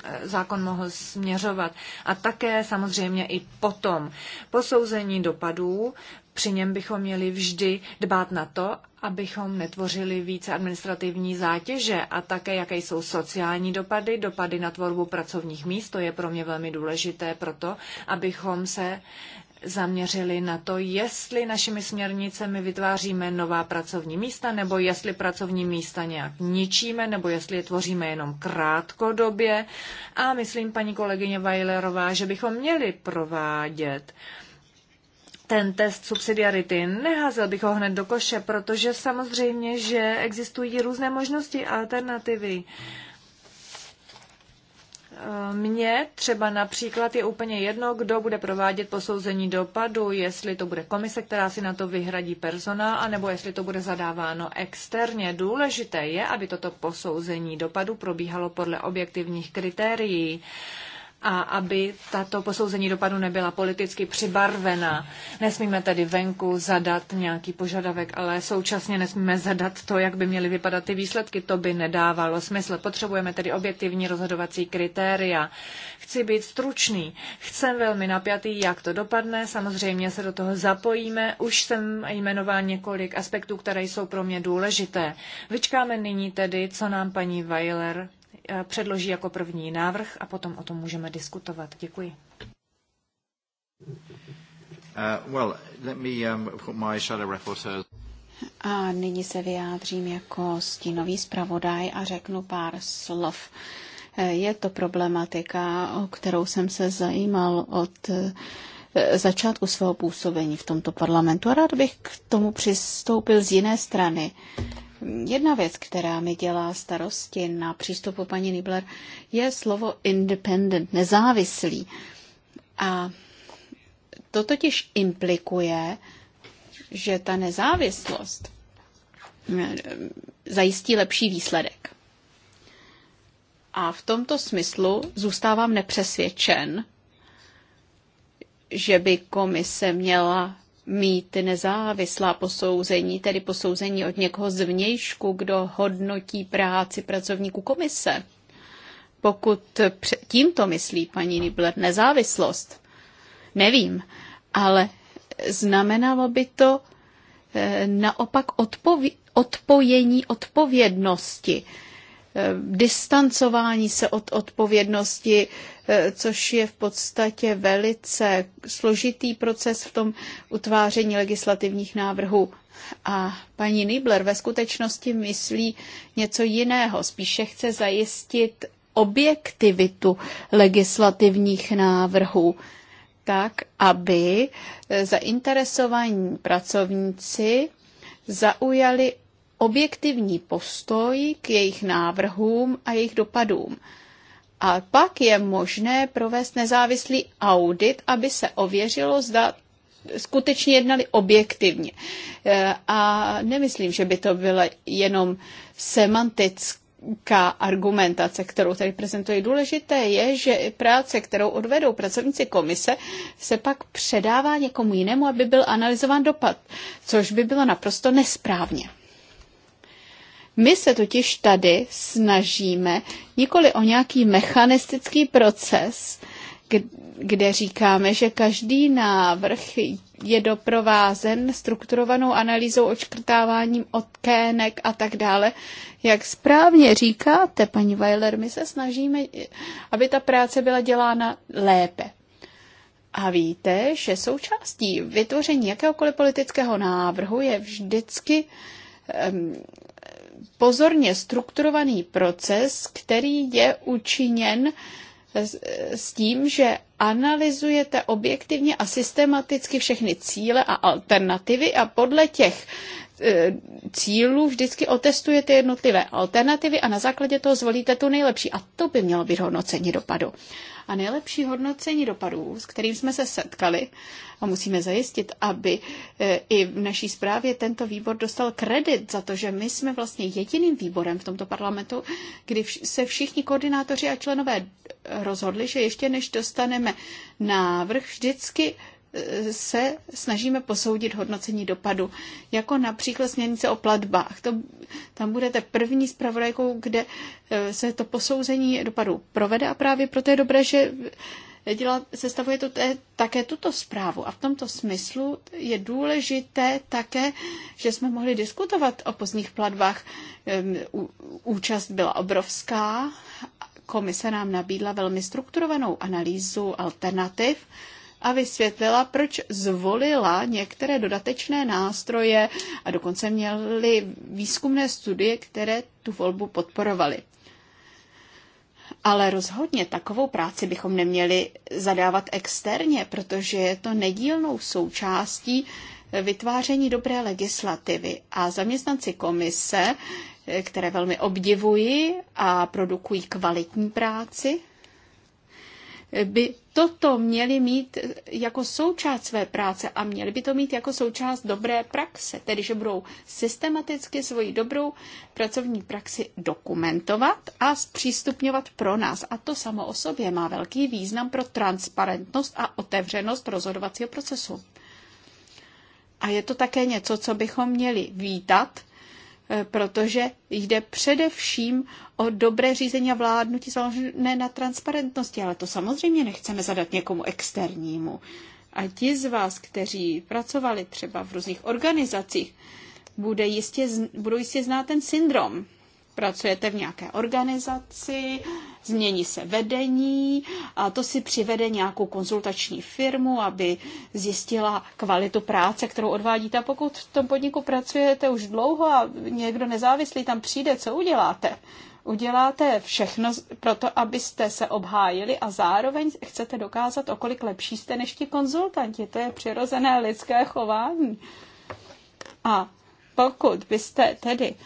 Eh, zákon mohl směřovat. A také samozřejmě i potom posouzení dopadů, při něm bychom měli vždy dbát na to, abychom netvořili více administrativní zátěže a také, jaké jsou sociální dopady, dopady na tvorbu pracovních míst. To je pro mě velmi důležité proto, abychom se zaměřili na to, jestli našimi směrnicemi vytváříme nová pracovní místa, nebo jestli pracovní místa nějak ničíme, nebo jestli je tvoříme jenom krátkodobě. A myslím, paní kolegyně Weilerová, že bychom měli provádět ten test subsidiarity. Neházel bych ho hned do koše, protože samozřejmě, že existují různé možnosti alternativy. Uh, mně třeba například je úplně jedno, kdo bude provádět posouzení dopadu, jestli to bude komise, která si na to vyhradí personál, anebo jestli to bude zadáváno externě. Důležité je, aby toto posouzení dopadu probíhalo podle objektivních kritérií a aby tato posouzení dopadu nebyla politicky přibarvená. Nesmíme tedy venku zadat nějaký požadavek, ale současně nesmíme zadat to, jak by měly vypadat ty výsledky. To by nedávalo smysl. Potřebujeme tedy objektivní rozhodovací kritéria. Chci být stručný. Chcem velmi napjatý, jak to dopadne. Samozřejmě se do toho zapojíme. Už jsem jmenoval několik aspektů, které jsou pro mě důležité. Vyčkáme nyní tedy, co nám paní Weiler Eh, předloží jako první návrh a potom o tom můžeme diskutovat. Děkuji. Uh, well, let me, um, put my shadow A nyní se vyjádřím jako stínový zpravodaj a řeknu pár slov. Eh, je to problematika, o kterou jsem se zajímal od uh, Eh, začátku svého působení v tomto parlamentu. A rád bych k tomu přistoupil z jiné strany. Jedna věc, která mi dělá starosti na přístupu paní Nibler, je slovo independent, nezávislý. A to totiž implikuje, že ta nezávislost eh, zajistí lepší výsledek. A v tomto smyslu zůstávám nepřesvědčen, že by komise měla mít nezávislá posouzení, tedy posouzení od někoho zvnějšku, kdo hodnotí práci pracovníků komise. Pokud tímto myslí paní Nibler nezávislost, nevím, ale znamenalo by to eh, naopak odpovi- odpojení odpovědnosti Eh, distancování se od odpovědnosti, eh, což je v podstatě velice složitý proces v tom utváření legislativních návrhů. A paní Nibler ve skutečnosti myslí něco jiného. Spíše chce zajistit objektivitu legislativních návrhů tak, aby eh, zainteresovaní pracovníci zaujali objektivní postoj k jejich návrhům a jejich dopadům. A pak je možné provést nezávislý audit, aby se ověřilo, zda skutečně jednali objektivně. E, a nemyslím, že by to byla jenom semantická argumentace, kterou tady prezentuje. Důležité je, že práce, kterou odvedou pracovníci komise, se pak předává někomu jinému, aby byl analyzován dopad, což by bylo naprosto nesprávně. My se totiž tady snažíme nikoli o nějaký mechanistický proces, kde říkáme, že každý návrh je doprovázen strukturovanou analýzou, očkrtáváním odkének a tak dále. Jak správně říkáte, paní Weiler, my se snažíme, aby ta práce byla dělána lépe. A víte, že součástí vytvoření jakéhokoliv politického návrhu je vždycky um, pozorně strukturovaný proces, který je učiněn s tím, že analyzujete objektivně a systematicky všechny cíle a alternativy a podle těch E, cílů vždycky otestujete jednotlivé alternativy a na základě toho zvolíte tu nejlepší. A to by mělo být hodnocení dopadu. A nejlepší hodnocení dopadů, s kterým jsme se setkali, a musíme zajistit, aby e, i v naší zprávě tento výbor dostal kredit za to, že my jsme vlastně jediným výborem v tomto parlamentu, kdy se všichni koordinátoři a členové rozhodli, že ještě než dostaneme návrh, vždycky se snažíme posoudit hodnocení dopadu, jako například směrnice o platbách. To, tam budete první zpravodajkou, kde eh, se to posouzení dopadu provede a právě proto je dobré, že dělá, sestavuje to té, také tuto zprávu. A v tomto smyslu je důležité také, že jsme mohli diskutovat o pozdních platbách. Účast byla obrovská. Komise nám nabídla velmi strukturovanou analýzu alternativ a vysvětlila, proč zvolila některé dodatečné nástroje a dokonce měly výzkumné studie, které tu volbu podporovaly. Ale rozhodně takovou práci bychom neměli zadávat externě, protože je to nedílnou součástí vytváření dobré legislativy. A zaměstnanci komise, které velmi obdivuji a produkují kvalitní práci, by toto měli mít jako součást své práce a měli by to mít jako součást dobré praxe, tedy že budou systematicky svoji dobrou pracovní praxi dokumentovat a zpřístupňovat pro nás. A to samo o sobě má velký význam pro transparentnost a otevřenost rozhodovacího procesu. A je to také něco, co bychom měli vítat Eh, protože jde především o dobré řízení a vládnutí založené na transparentnosti, ale to samozřejmě nechceme zadat někomu externímu. A ti z vás, kteří pracovali třeba v různých organizacích, bude jistě, budou jistě znát ten syndrom pracujete v nějaké organizaci, změní se vedení a to si přivede nějakou konzultační firmu, aby zjistila kvalitu práce, kterou odvádíte. A pokud v tom podniku pracujete už dlouho a někdo nezávislý tam přijde, co uděláte? Uděláte všechno pro to, abyste se obhájili a zároveň chcete dokázat, o kolik lepší jste než ti konzultanti. To je přirozené lidské chování. A pokud byste tedy uh,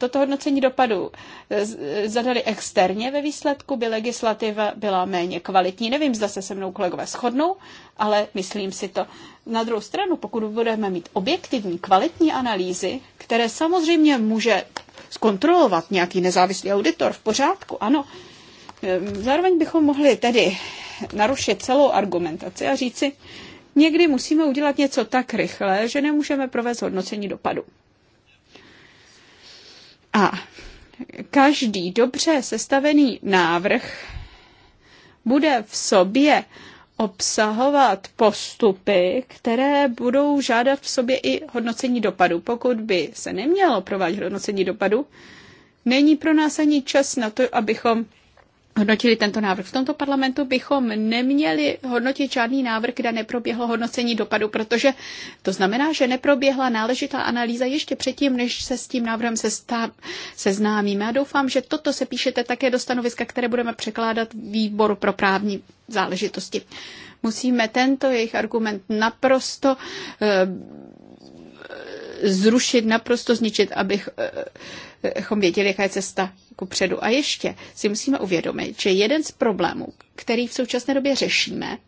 toto hodnocení dopadu eh, eh, zadali externě ve výsledku, by legislativa byla méně kvalitní. Nevím, zda se se mnou kolegové shodnou, ale myslím si to. Na druhou stranu, pokud budeme mít objektivní, kvalitní analýzy, které samozřejmě může zkontrolovat nějaký nezávislý auditor v pořádku, ano, eh, zároveň bychom mohli tedy narušit celou argumentaci a říci, někdy musíme udělat něco tak rychle, že nemůžeme provést hodnocení dopadu. A každý dobře sestavený návrh bude v sobě obsahovat postupy, které budou žádat v sobě i hodnocení dopadu. Pokud by se nemělo provádět hodnocení dopadu, není pro nás ani čas na to, abychom hodnotili tento návrh. V tomto parlamentu bychom neměli hodnotit žádný návrh, kde neproběhlo hodnocení dopadu, protože to znamená, že neproběhla náležitá analýza ještě předtím, než se s tím návrhem se stá, seznámíme. A doufám, že toto se píšete také do stanoviska, které budeme překládat výboru pro právní záležitosti. Musíme tento jejich argument naprosto eh, zrušit, naprosto zničit, abych eh, abychom věděli, jaká je cesta ku předu. A ještě si musíme uvědomit, že jeden z problémů, který v současné době řešíme,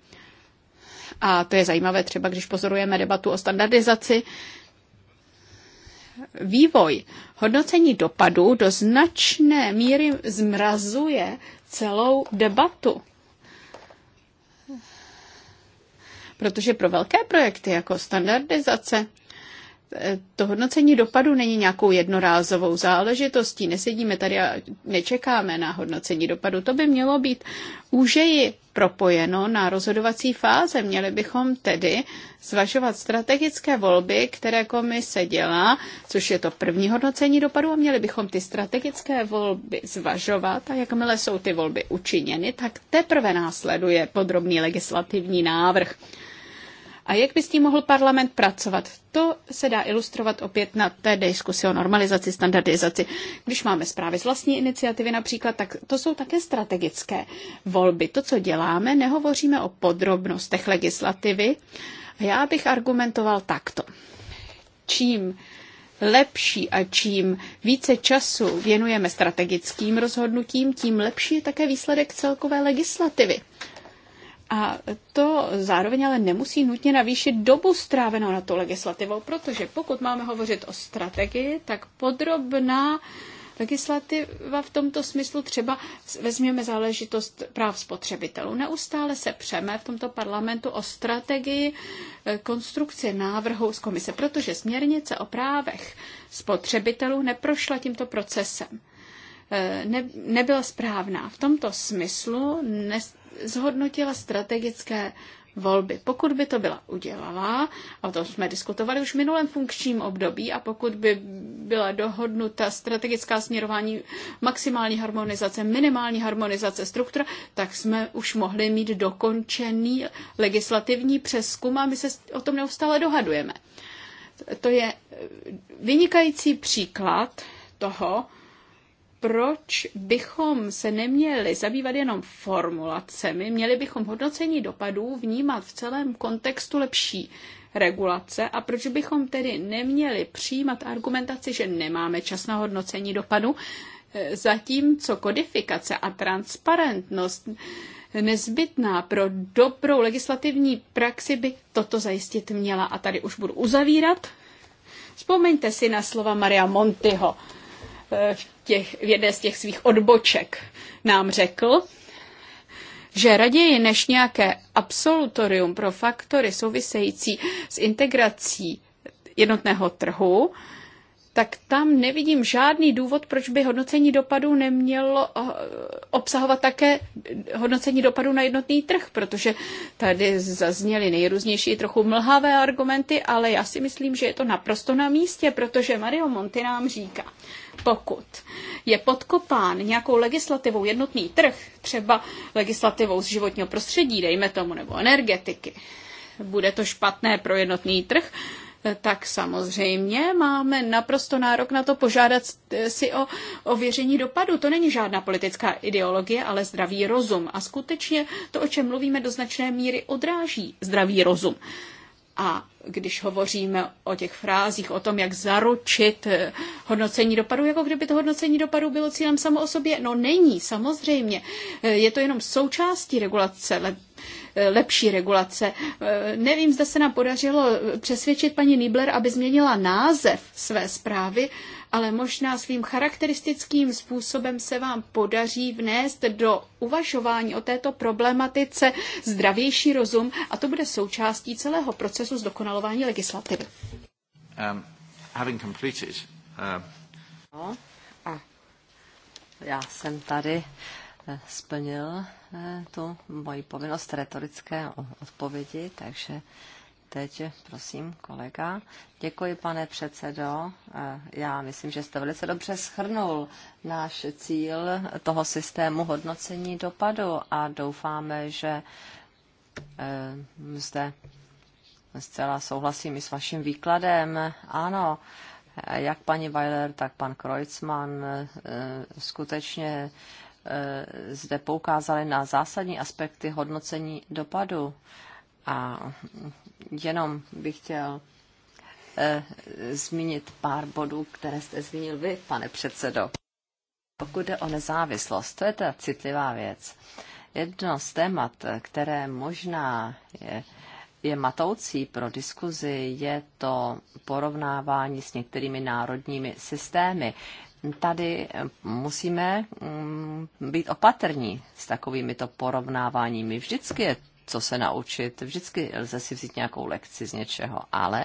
a to je zajímavé třeba, když pozorujeme debatu o standardizaci, vývoj hodnocení dopadu do značné míry zmrazuje celou debatu. Protože pro velké projekty jako standardizace to hodnocení dopadu není nějakou jednorázovou záležitostí. Nesedíme tady a nečekáme na hodnocení dopadu. To by mělo být úžeji propojeno na rozhodovací fáze. Měli bychom tedy zvažovat strategické volby, které komise dělá, což je to první hodnocení dopadu, a měli bychom ty strategické volby zvažovat a jakmile jsou ty volby učiněny, tak teprve následuje podrobný legislativní návrh. A jak by s tím mohl parlament pracovat? To se dá ilustrovat opět na té diskusi o normalizaci, standardizaci. Když máme zprávy z vlastní iniciativy například, tak to jsou také strategické volby. To, co děláme, nehovoříme o podrobnostech legislativy. Já bych argumentoval takto. Čím lepší a čím více času věnujeme strategickým rozhodnutím, tím lepší je také výsledek celkové legislativy. A to zároveň ale nemusí nutně navýšit dobu strávenou na tu legislativou, protože pokud máme hovořit o strategii, tak podrobná legislativa v tomto smyslu třeba vezměme záležitost práv spotřebitelů. Neustále se přeme v tomto parlamentu o strategii eh, konstrukce návrhu z komise, protože směrnice o právech spotřebitelů neprošla tímto procesem eh, ne, nebyla správná. V tomto smyslu nes, zhodnotila strategické volby. Pokud by to byla udělala, a to jsme diskutovali už v minulém funkčním období, a pokud by byla dohodnuta strategická směrování maximální harmonizace, minimální harmonizace struktura, tak jsme už mohli mít dokončený legislativní přeskum a my se o tom neustále dohadujeme. To je vynikající příklad toho, proč bychom se neměli zabývat jenom formulacemi, měli bychom hodnocení dopadů vnímat v celém kontextu lepší regulace a proč bychom tedy neměli přijímat argumentaci, že nemáme čas na hodnocení dopadu, eh, zatímco kodifikace a transparentnost nezbytná pro dobrou legislativní praxi by toto zajistit měla. A tady už budu uzavírat. Vzpomeňte si na slova Maria Montyho eh, těch, v jedné z těch svých odboček nám řekl, že raději než nějaké absolutorium pro faktory související s integrací jednotného trhu, tak tam nevidím žádný důvod, proč by hodnocení dopadů nemělo eh, obsahovat také hodnocení dopadů na jednotný trh, protože tady zazněly nejrůznější trochu mlhavé argumenty, ale já si myslím, že je to naprosto na místě, protože Mario Monti nám říká, pokud je podkopán nějakou legislativou jednotný trh, třeba legislativou z životního prostředí, dejme tomu, nebo energetiky, bude to špatné pro jednotný trh, tak samozřejmě máme naprosto nárok na to požádat si o ověření dopadu. To není žádná politická ideologie, ale zdravý rozum. A skutečně to, o čem mluvíme, do značné míry odráží zdravý rozum. A když hovoříme o těch frázích, o tom, jak zaručit eh, hodnocení dopadu, jako kdyby to hodnocení dopadu bylo cílem samo o sobě, no není, samozřejmě. Eh, je to jenom součástí regulace, eh, lepší regulace. Nevím, zda se nám podařilo přesvědčit paní Nibler, aby změnila název své zprávy, ale možná svým charakteristickým způsobem se vám podaří vnést do uvažování o této problematice zdravější rozum a to bude součástí celého procesu zdokonalování legislativy. Um, having completed, uh... no, a já jsem tady eh, splnil eh, tu moji povinnost retorické odpovědi, takže teď, prosím, kolega. Děkuji, pane předsedo. Eh, já myslím, že jste velice dobře schrnul náš cíl toho systému hodnocení dopadu a doufáme, že eh, zde zcela souhlasím i s vaším výkladem. Ano, eh, jak paní Weiler, tak pan Kreuzmann skutečně zde poukázali na zásadní aspekty hodnocení dopadu. A jenom bych chtěl eh, zmínit pár bodů, které jste zmínil vy, pane předsedo. Pokud jde o nezávislost, to je ta citlivá věc. Jedno z témat, které možná je, je matoucí pro diskuzi, je to porovnávání s některými národními systémy. Tady eh, musíme mm, být opatrní s takovými to porovnáváními. Vždycky je co se naučit. Vždycky lze si vzít nějakou lekci z něčeho, ale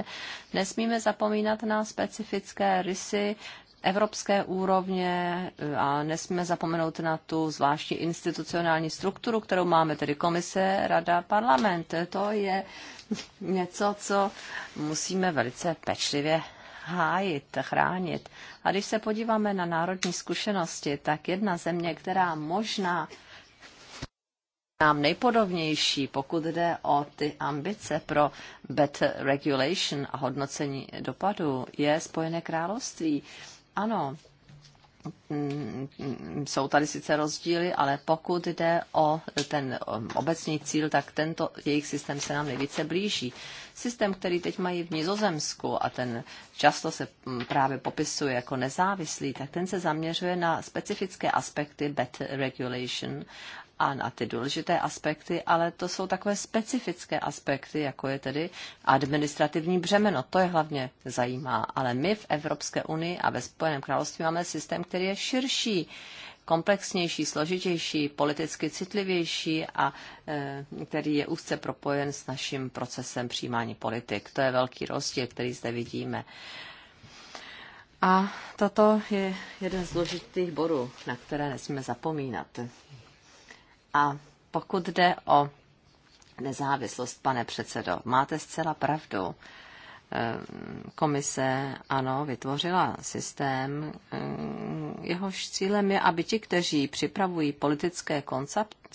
nesmíme zapomínat na specifické rysy evropské úrovně eh, a nesmíme zapomenout na tu zvláštní institucionální strukturu, kterou máme, tedy komise, rada, parlament. To je něco, co musíme velice pečlivě hájit, chránit. A když se podíváme na národní zkušenosti, tak jedna země, která možná nám nejpodobnější, pokud jde o ty ambice pro better regulation a hodnocení dopadu, je Spojené království. Ano, mm, jsou tady sice rozdíly, ale pokud jde o ten obecný cíl, tak tento jejich systém se nám nejvíce blíží. Systém, který teď mají v Nizozemsku a ten často se mm, právě popisuje jako nezávislý, tak ten se zaměřuje na specifické aspekty bad regulation a na ty důležité aspekty, ale to jsou takové specifické aspekty, jako je tedy administrativní břemeno. To je hlavně zajímá. Ale my v Evropské unii a ve Spojeném království máme systém, který je širší komplexnější, složitější, politicky citlivější a eh, který je úzce propojen s naším procesem přijímání politik. To je velký rozdíl, který zde vidíme. A toto je jeden z důležitých bodů, na které nesmíme zapomínat. A pokud jde o nezávislost, pane předsedo, máte zcela pravdu. Ehm, komise, ano, vytvořila systém, ehm, jehož cílem je, aby ti, kteří připravují politické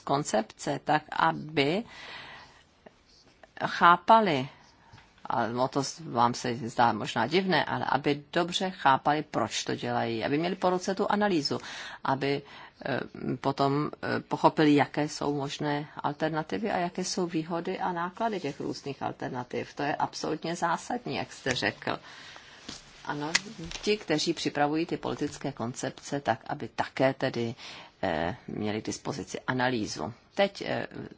koncepce, tak aby chápali, a no to vám se zdá možná divné, ale aby dobře chápali, proč to dělají, aby měli po ruce tu analýzu, aby Eh, potom eh, pochopili, jaké jsou možné alternativy a jaké jsou výhody a náklady těch různých alternativ. To je absolutně zásadní, jak jste řekl. Ano, ti, kteří připravují ty politické koncepce, tak aby také tedy eh, měli k dispozici analýzu. Teď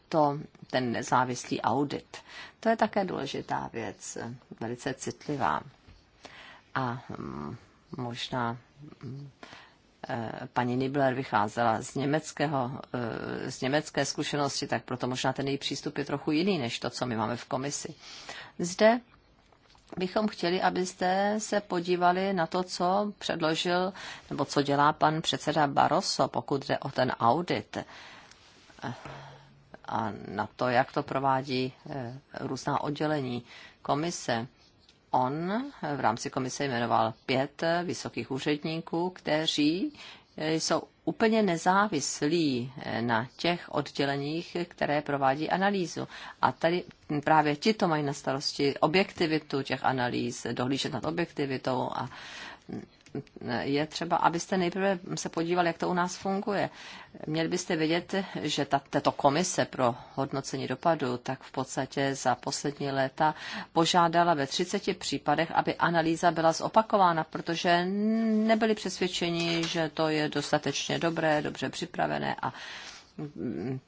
to, ten nezávislý audit, to je také důležitá věc, velice citlivá. A mm, možná mm, Eh, paní Nibler vycházela z, německého, eh, z německé zkušenosti, tak proto možná ten její přístup je trochu jiný než to, co my máme v komisi. Zde bychom chtěli, abyste se podívali na to, co předložil nebo co dělá pan předseda Barroso, pokud jde o ten audit eh, a na to, jak to provádí různá oddělení komise on v rámci komise jmenoval pět vysokých úředníků, kteří jsou úplně nezávislí na těch odděleních, které provádí analýzu. A tady právě ti to mají na starosti objektivitu těch analýz, dohlížet nad objektivitou a je třeba, abyste nejprve se podívali, jak to u nás funguje. Měli byste vědět, že ta, tato komise pro hodnocení dopadu tak v podstatě za poslední léta požádala ve 30 případech, aby analýza byla zopakována, protože nebyli přesvědčeni, že to je dostatečně dobré, dobře připravené a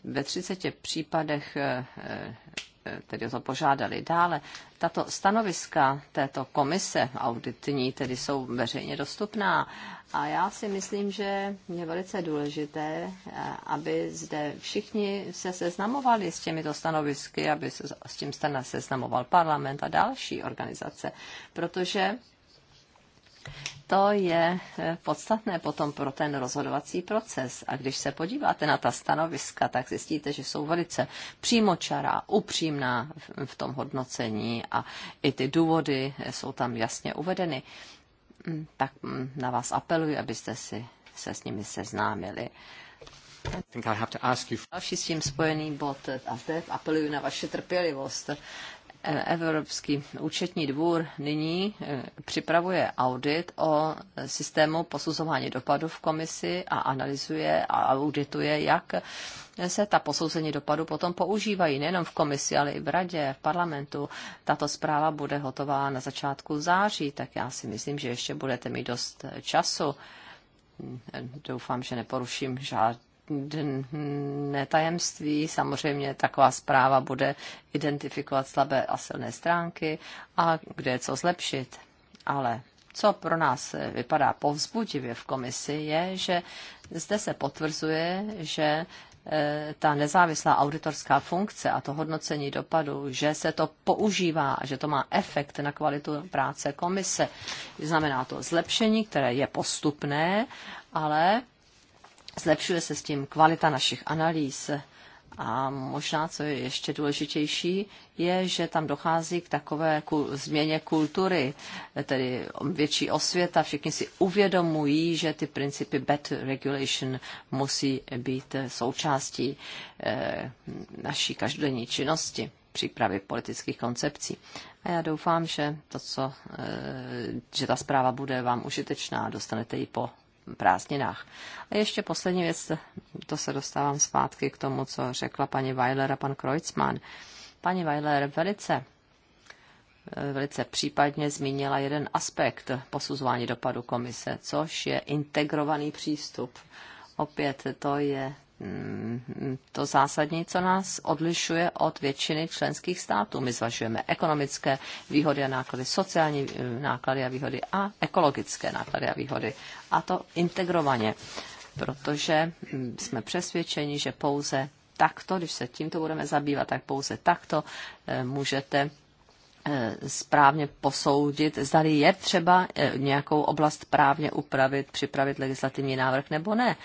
ve 30 případech tedy o to požádali. Dále, tato stanoviska této komise auditní tedy jsou veřejně dostupná a já si myslím, že je velice důležité, eh, aby zde všichni se seznamovali s těmito stanovisky, aby se s tím seznamoval parlament a další organizace, protože to je eh, podstatné potom pro ten rozhodovací proces. A když se podíváte na ta stanoviska, tak zjistíte, že jsou velice přímočará, upřímná v tom hodnocení a i ty důvody eh, jsou tam jasně uvedeny. Mm, tak mm, na vás apeluji, abyste si se s nimi seznámili. Další s tím spojený bod eh, a zde apeluji na vaši trpělivost. Evropský účetní dvůr nyní eh, připravuje audit o systému posuzování dopadu v komisi a analyzuje a audituje, jak se ta posouzení dopadu potom používají nejenom v komisi, ale i v radě, v parlamentu. Tato zpráva bude hotová na začátku září, tak já si myslím, že ještě budete mít dost času. Hm, doufám, že neporuším žádný netajemství. Samozřejmě taková zpráva bude identifikovat slabé a silné stránky a kde je co zlepšit. Ale co pro nás vypadá povzbudivě v komisi, je, že zde se potvrzuje, že e, ta nezávislá auditorská funkce a to hodnocení dopadu, že se to používá, že to má efekt na kvalitu práce komise. Znamená to zlepšení, které je postupné, ale Zlepšuje se s tím kvalita našich analýz. A možná, co je ještě důležitější, je, že tam dochází k takové změně kultury, tedy větší osvěta. Všichni si uvědomují, že ty principy bad regulation musí být součástí eh, naší každodenní činnosti přípravy politických koncepcí. A já doufám, že, to, co, eh, že ta zpráva bude vám užitečná a dostanete ji po prázdninách. A ještě poslední věc, to se dostávám zpátky k tomu, co řekla paní Weiler a pan Kreutzmann. Paní Weiler velice velice případně zmínila jeden aspekt posuzování dopadu komise, což je integrovaný přístup. Opět to je Mm, to zásadní, co nás odlišuje od většiny členských států. My zvažujeme ekonomické výhody a náklady, sociální eh, náklady a výhody a ekologické náklady a výhody. A to integrovaně, protože mm, jsme přesvědčeni, že pouze takto, když se tímto budeme zabývat, tak pouze takto eh, můžete Eh, správně posoudit, zda je třeba eh, nějakou oblast právně upravit, připravit legislativní návrh nebo ne.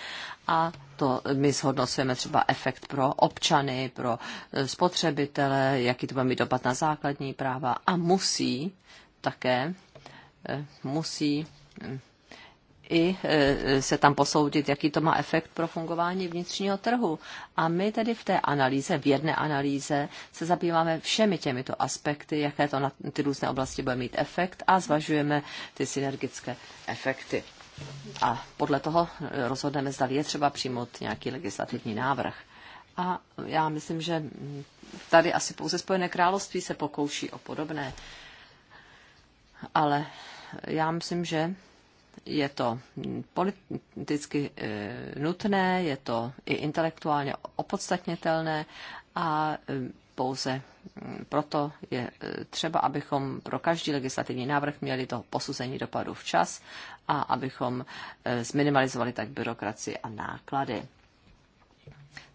A to my zhodnocujeme třeba efekt pro občany, pro eh, spotřebitele, jaký to bude mít dopad na základní práva a musí také musí hm, i e, se tam posoudit, jaký to má efekt pro fungování vnitřního trhu. A my tedy v té analýze, v jedné analýze, se zabýváme všemi těmito aspekty, jaké to na ty různé oblasti bude mít efekt a zvažujeme ty synergické efekty. A podle toho e, rozhodneme, zda je třeba přijmout nějaký legislativní návrh. A já myslím, že tady asi pouze Spojené království se pokouší o podobné. Ale já myslím, že je to politicky eh, nutné, je to i intelektuálně opodstatnitelné a eh, pouze hm, proto je eh, třeba, abychom pro každý legislativní návrh měli toho posuzení dopadu včas a abychom zminimalizovali tak byrokracii a náklady.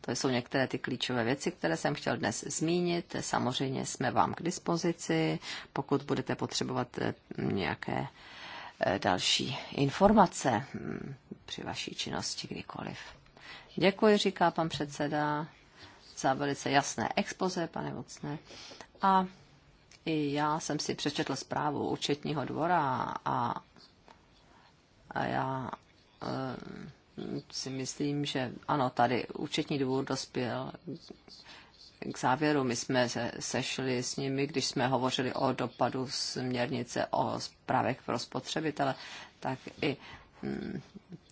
To jsou některé ty klíčové věci, které jsem chtěl dnes zmínit. Samozřejmě jsme vám k dispozici, pokud budete potřebovat nějaké Eh, další informace hm, při vaší činnosti kdykoliv. Děkuji, říká pan předseda, za velice jasné expoze, pane Vocne. A i já jsem si přečetl zprávu účetního dvora a, a já e, si myslím, že ano, tady účetní dvůr dospěl k závěru. My jsme se sešli s nimi, když jsme hovořili o dopadu směrnice o zprávech pro spotřebitele, tak i hm,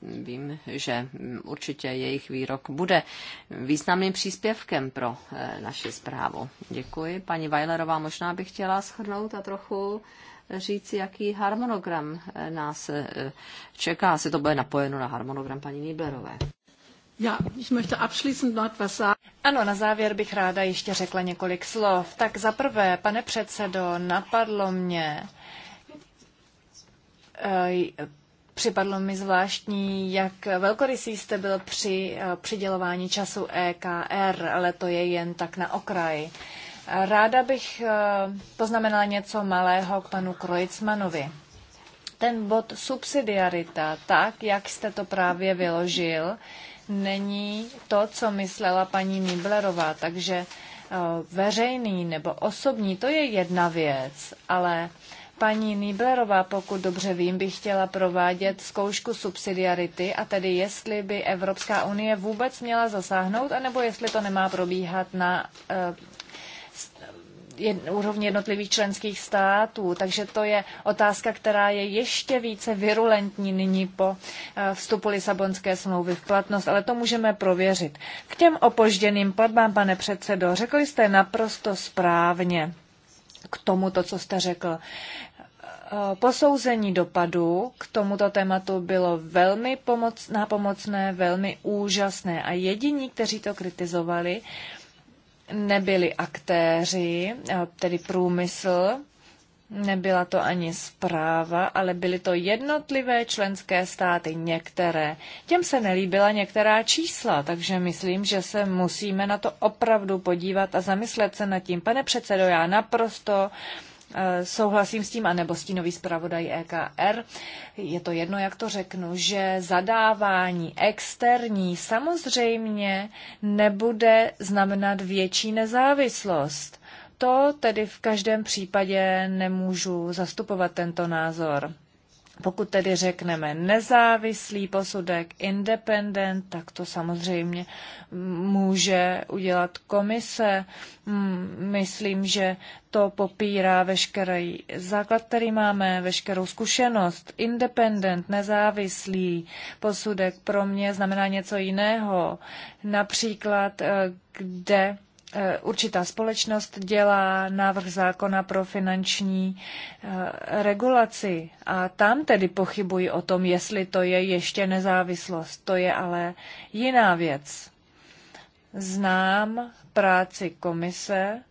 vím, že určitě jejich výrok bude významným příspěvkem pro eh, naši zprávu. Děkuji. Paní Weilerová, možná bych chtěla schrnout a trochu říci, jaký harmonogram eh, nás eh, čeká, asi to bude napojeno na harmonogram paní Níberové. Ja, ich möchte abschließend noch etwas sagen. Ano, na závěr bych ráda ještě řekla několik slov. Tak za prvé, pane předsedo, napadlo mě, eh, připadlo mi zvláštní, jak velkorysý jste byl při eh, přidělování času EKR, ale to je jen tak na okraji. Ráda bych eh, poznamenala něco malého k panu Krojcmanovi. Ten bod subsidiarita, tak jak jste to právě vyložil, není to, co myslela paní Niblerová. Takže eh, veřejný nebo osobní, to je jedna věc, ale paní Niblerová, pokud dobře vím, by chtěla provádět zkoušku subsidiarity a tedy jestli by Evropská unie vůbec měla zasáhnout, anebo jestli to nemá probíhat na eh, úrovni jednotlivých členských států. Takže to je otázka, která je ještě více virulentní nyní po eh, vstupu Lisabonské smlouvy v platnost, ale to můžeme prověřit. K těm opožděným platbám, pane předsedo, řekli jste naprosto správně k tomu, to, co jste řekl. Eh, posouzení dopadu k tomuto tématu bylo velmi pomoc, nápomocné, velmi úžasné a jediní, kteří to kritizovali, nebyli aktéři, eh, tedy průmysl, Nebyla to ani zpráva, ale byly to jednotlivé členské státy, některé. Těm se nelíbila některá čísla, takže myslím, že se musíme na to opravdu podívat a zamyslet se nad tím. Pane předsedo, já naprosto uh, Eh, souhlasím s tím, anebo stínový zpravodaj EKR, je to jedno, jak to řeknu, že zadávání externí samozřejmě nebude znamenat větší nezávislost. To tedy v každém případě nemůžu zastupovat tento názor. Pokud tedy řekneme nezávislý posudek, independent, tak to samozřejmě může udělat komise. Hmm, myslím, že to popírá veškerý základ, který máme, veškerou zkušenost. Independent, nezávislý posudek pro mě znamená něco jiného. Například, eh, kde Eh, určitá společnost dělá návrh zákona pro finanční eh, regulaci a tam tedy pochybuji o tom, jestli to je ještě nezávislost. To je ale jiná věc. Znám práci komise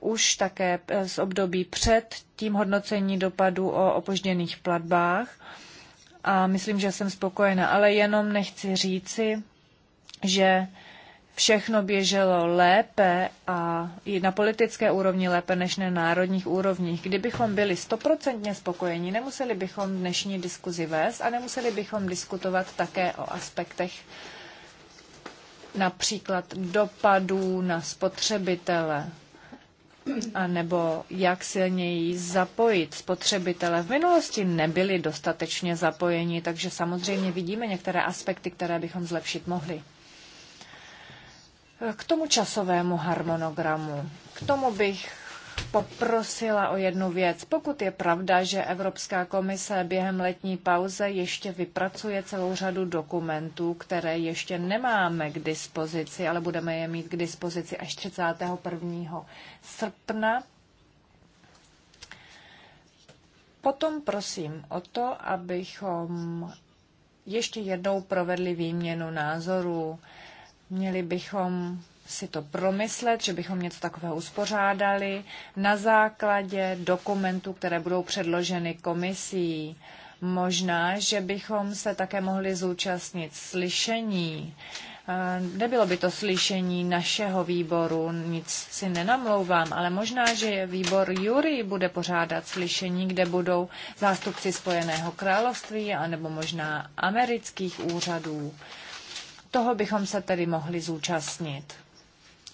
už také eh, z období před tím hodnocení dopadu o opožděných platbách a myslím, že jsem spokojená, ale jenom nechci říci, že všechno běželo lépe a i na politické úrovni lépe než na národních úrovních. Kdybychom byli stoprocentně spokojeni, nemuseli bychom dnešní diskuzi vést a nemuseli bychom diskutovat také o aspektech například dopadů na spotřebitele a nebo jak silněji zapojit spotřebitele. V minulosti nebyli dostatečně zapojeni, takže samozřejmě vidíme některé aspekty, které bychom zlepšit mohli. K tomu časovému harmonogramu. K tomu bych poprosila o jednu věc. Pokud je pravda, že Evropská komise během letní pauze ještě vypracuje celou řadu dokumentů, které ještě nemáme k dispozici, ale budeme je mít k dispozici až 31. srpna, potom prosím o to, abychom ještě jednou provedli výměnu názorů Měli bychom si to promyslet, že bychom něco takového uspořádali na základě dokumentů, které budou předloženy komisí. Možná, že bychom se také mohli zúčastnit slyšení. Eh, nebylo by to slyšení našeho výboru, nic si nenamlouvám, ale možná, že výbor Jury bude pořádat slyšení, kde budou zástupci Spojeného království anebo možná amerických úřadů. Toho bychom se tedy mohli zúčastnit.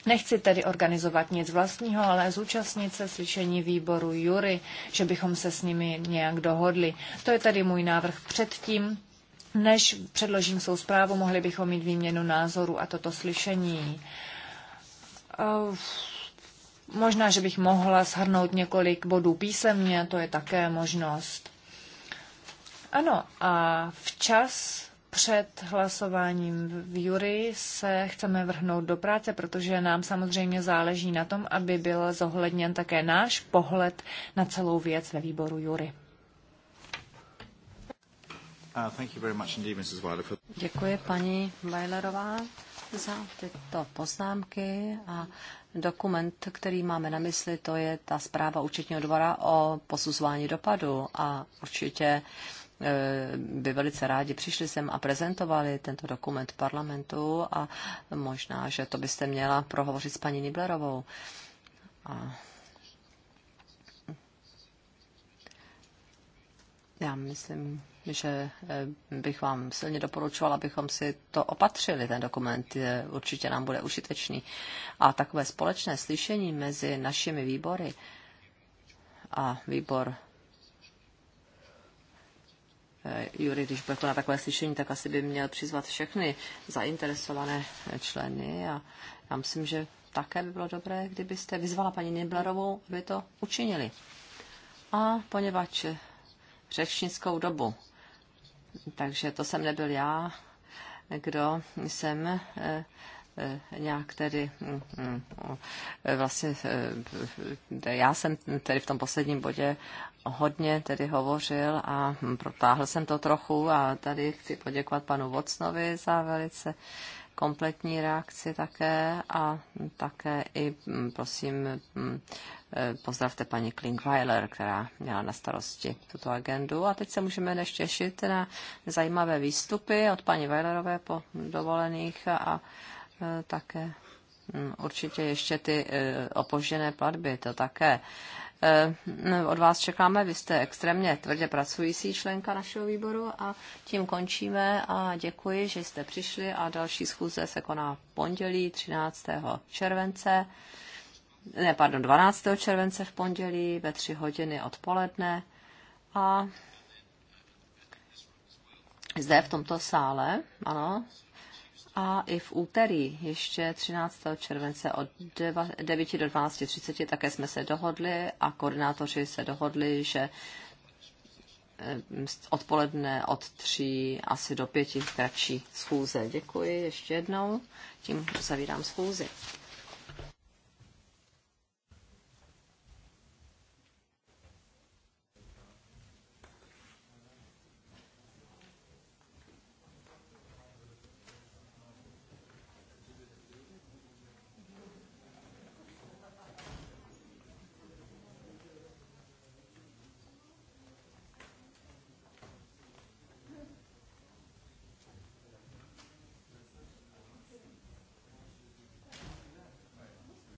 Nechci tedy organizovat nic vlastního, ale zúčastnit se slyšení výboru Jury, že bychom se s nimi nějak dohodli. To je tedy můj návrh předtím, než předložím svou zprávu, mohli bychom mít výměnu názoru a toto slyšení. Eh, možná, že bych mohla shrnout několik bodů písemně, to je také možnost. Ano, a včas před hlasováním v jury se chceme vrhnout do práce, protože nám samozřejmě záleží na tom, aby byl zohledněn také náš pohled na celou věc ve výboru jury. Uh, Děkuji paní Weilerová za tyto poznámky a dokument, který máme na mysli, to je ta zpráva účetního dvora o posuzování dopadu a určitě uh, Eh, by velice rádi přišli sem a prezentovali tento dokument parlamentu a možná, že to byste měla prohovořit s paní Niblerovou. A já myslím, že eh, bych vám silně doporučovala, abychom si to opatřili. Ten dokument eh, určitě nám bude užitečný. A takové společné slyšení mezi našimi výbory a výbor Eh, Jury, když bude konat takové slyšení, tak asi by měl přizvat všechny zainteresované členy a já myslím, že také by bylo dobré, kdybyste vyzvala paní Niblerovou, aby to učinili. A poněvadž řečnickou dobu, takže to jsem nebyl já, kdo jsem eh, eh, nějak tedy mm, mm, vlastně já jsem tedy v tom posledním bodě hodně tedy hovořil a protáhl jsem to trochu a tady chci poděkovat panu Vocnovi za velice kompletní reakci také a také i mm, prosím mm, eh, pozdravte paní Klingweiler, která měla na starosti tuto agendu. A teď se můžeme než těšit na zajímavé výstupy od paní Weilerové po dovolených a eh, také mm, určitě ještě ty eh, opožděné platby, to také Eh, no, od vás čekáme. Vy jste extrémně tvrdě pracující členka našeho výboru a tím končíme a děkuji, že jste přišli a další schůze se koná v pondělí 13. července, ne, pardon, 12. července v pondělí ve 3 hodiny odpoledne a zde v tomto sále, ano, a i v úterý, ještě 13. července od 9 do 12.30, také jsme se dohodli a koordinátoři se dohodli, že eh, odpoledne od 3 asi do 5 kratší schůze. Děkuji ještě jednou, tím zavírám schůzi.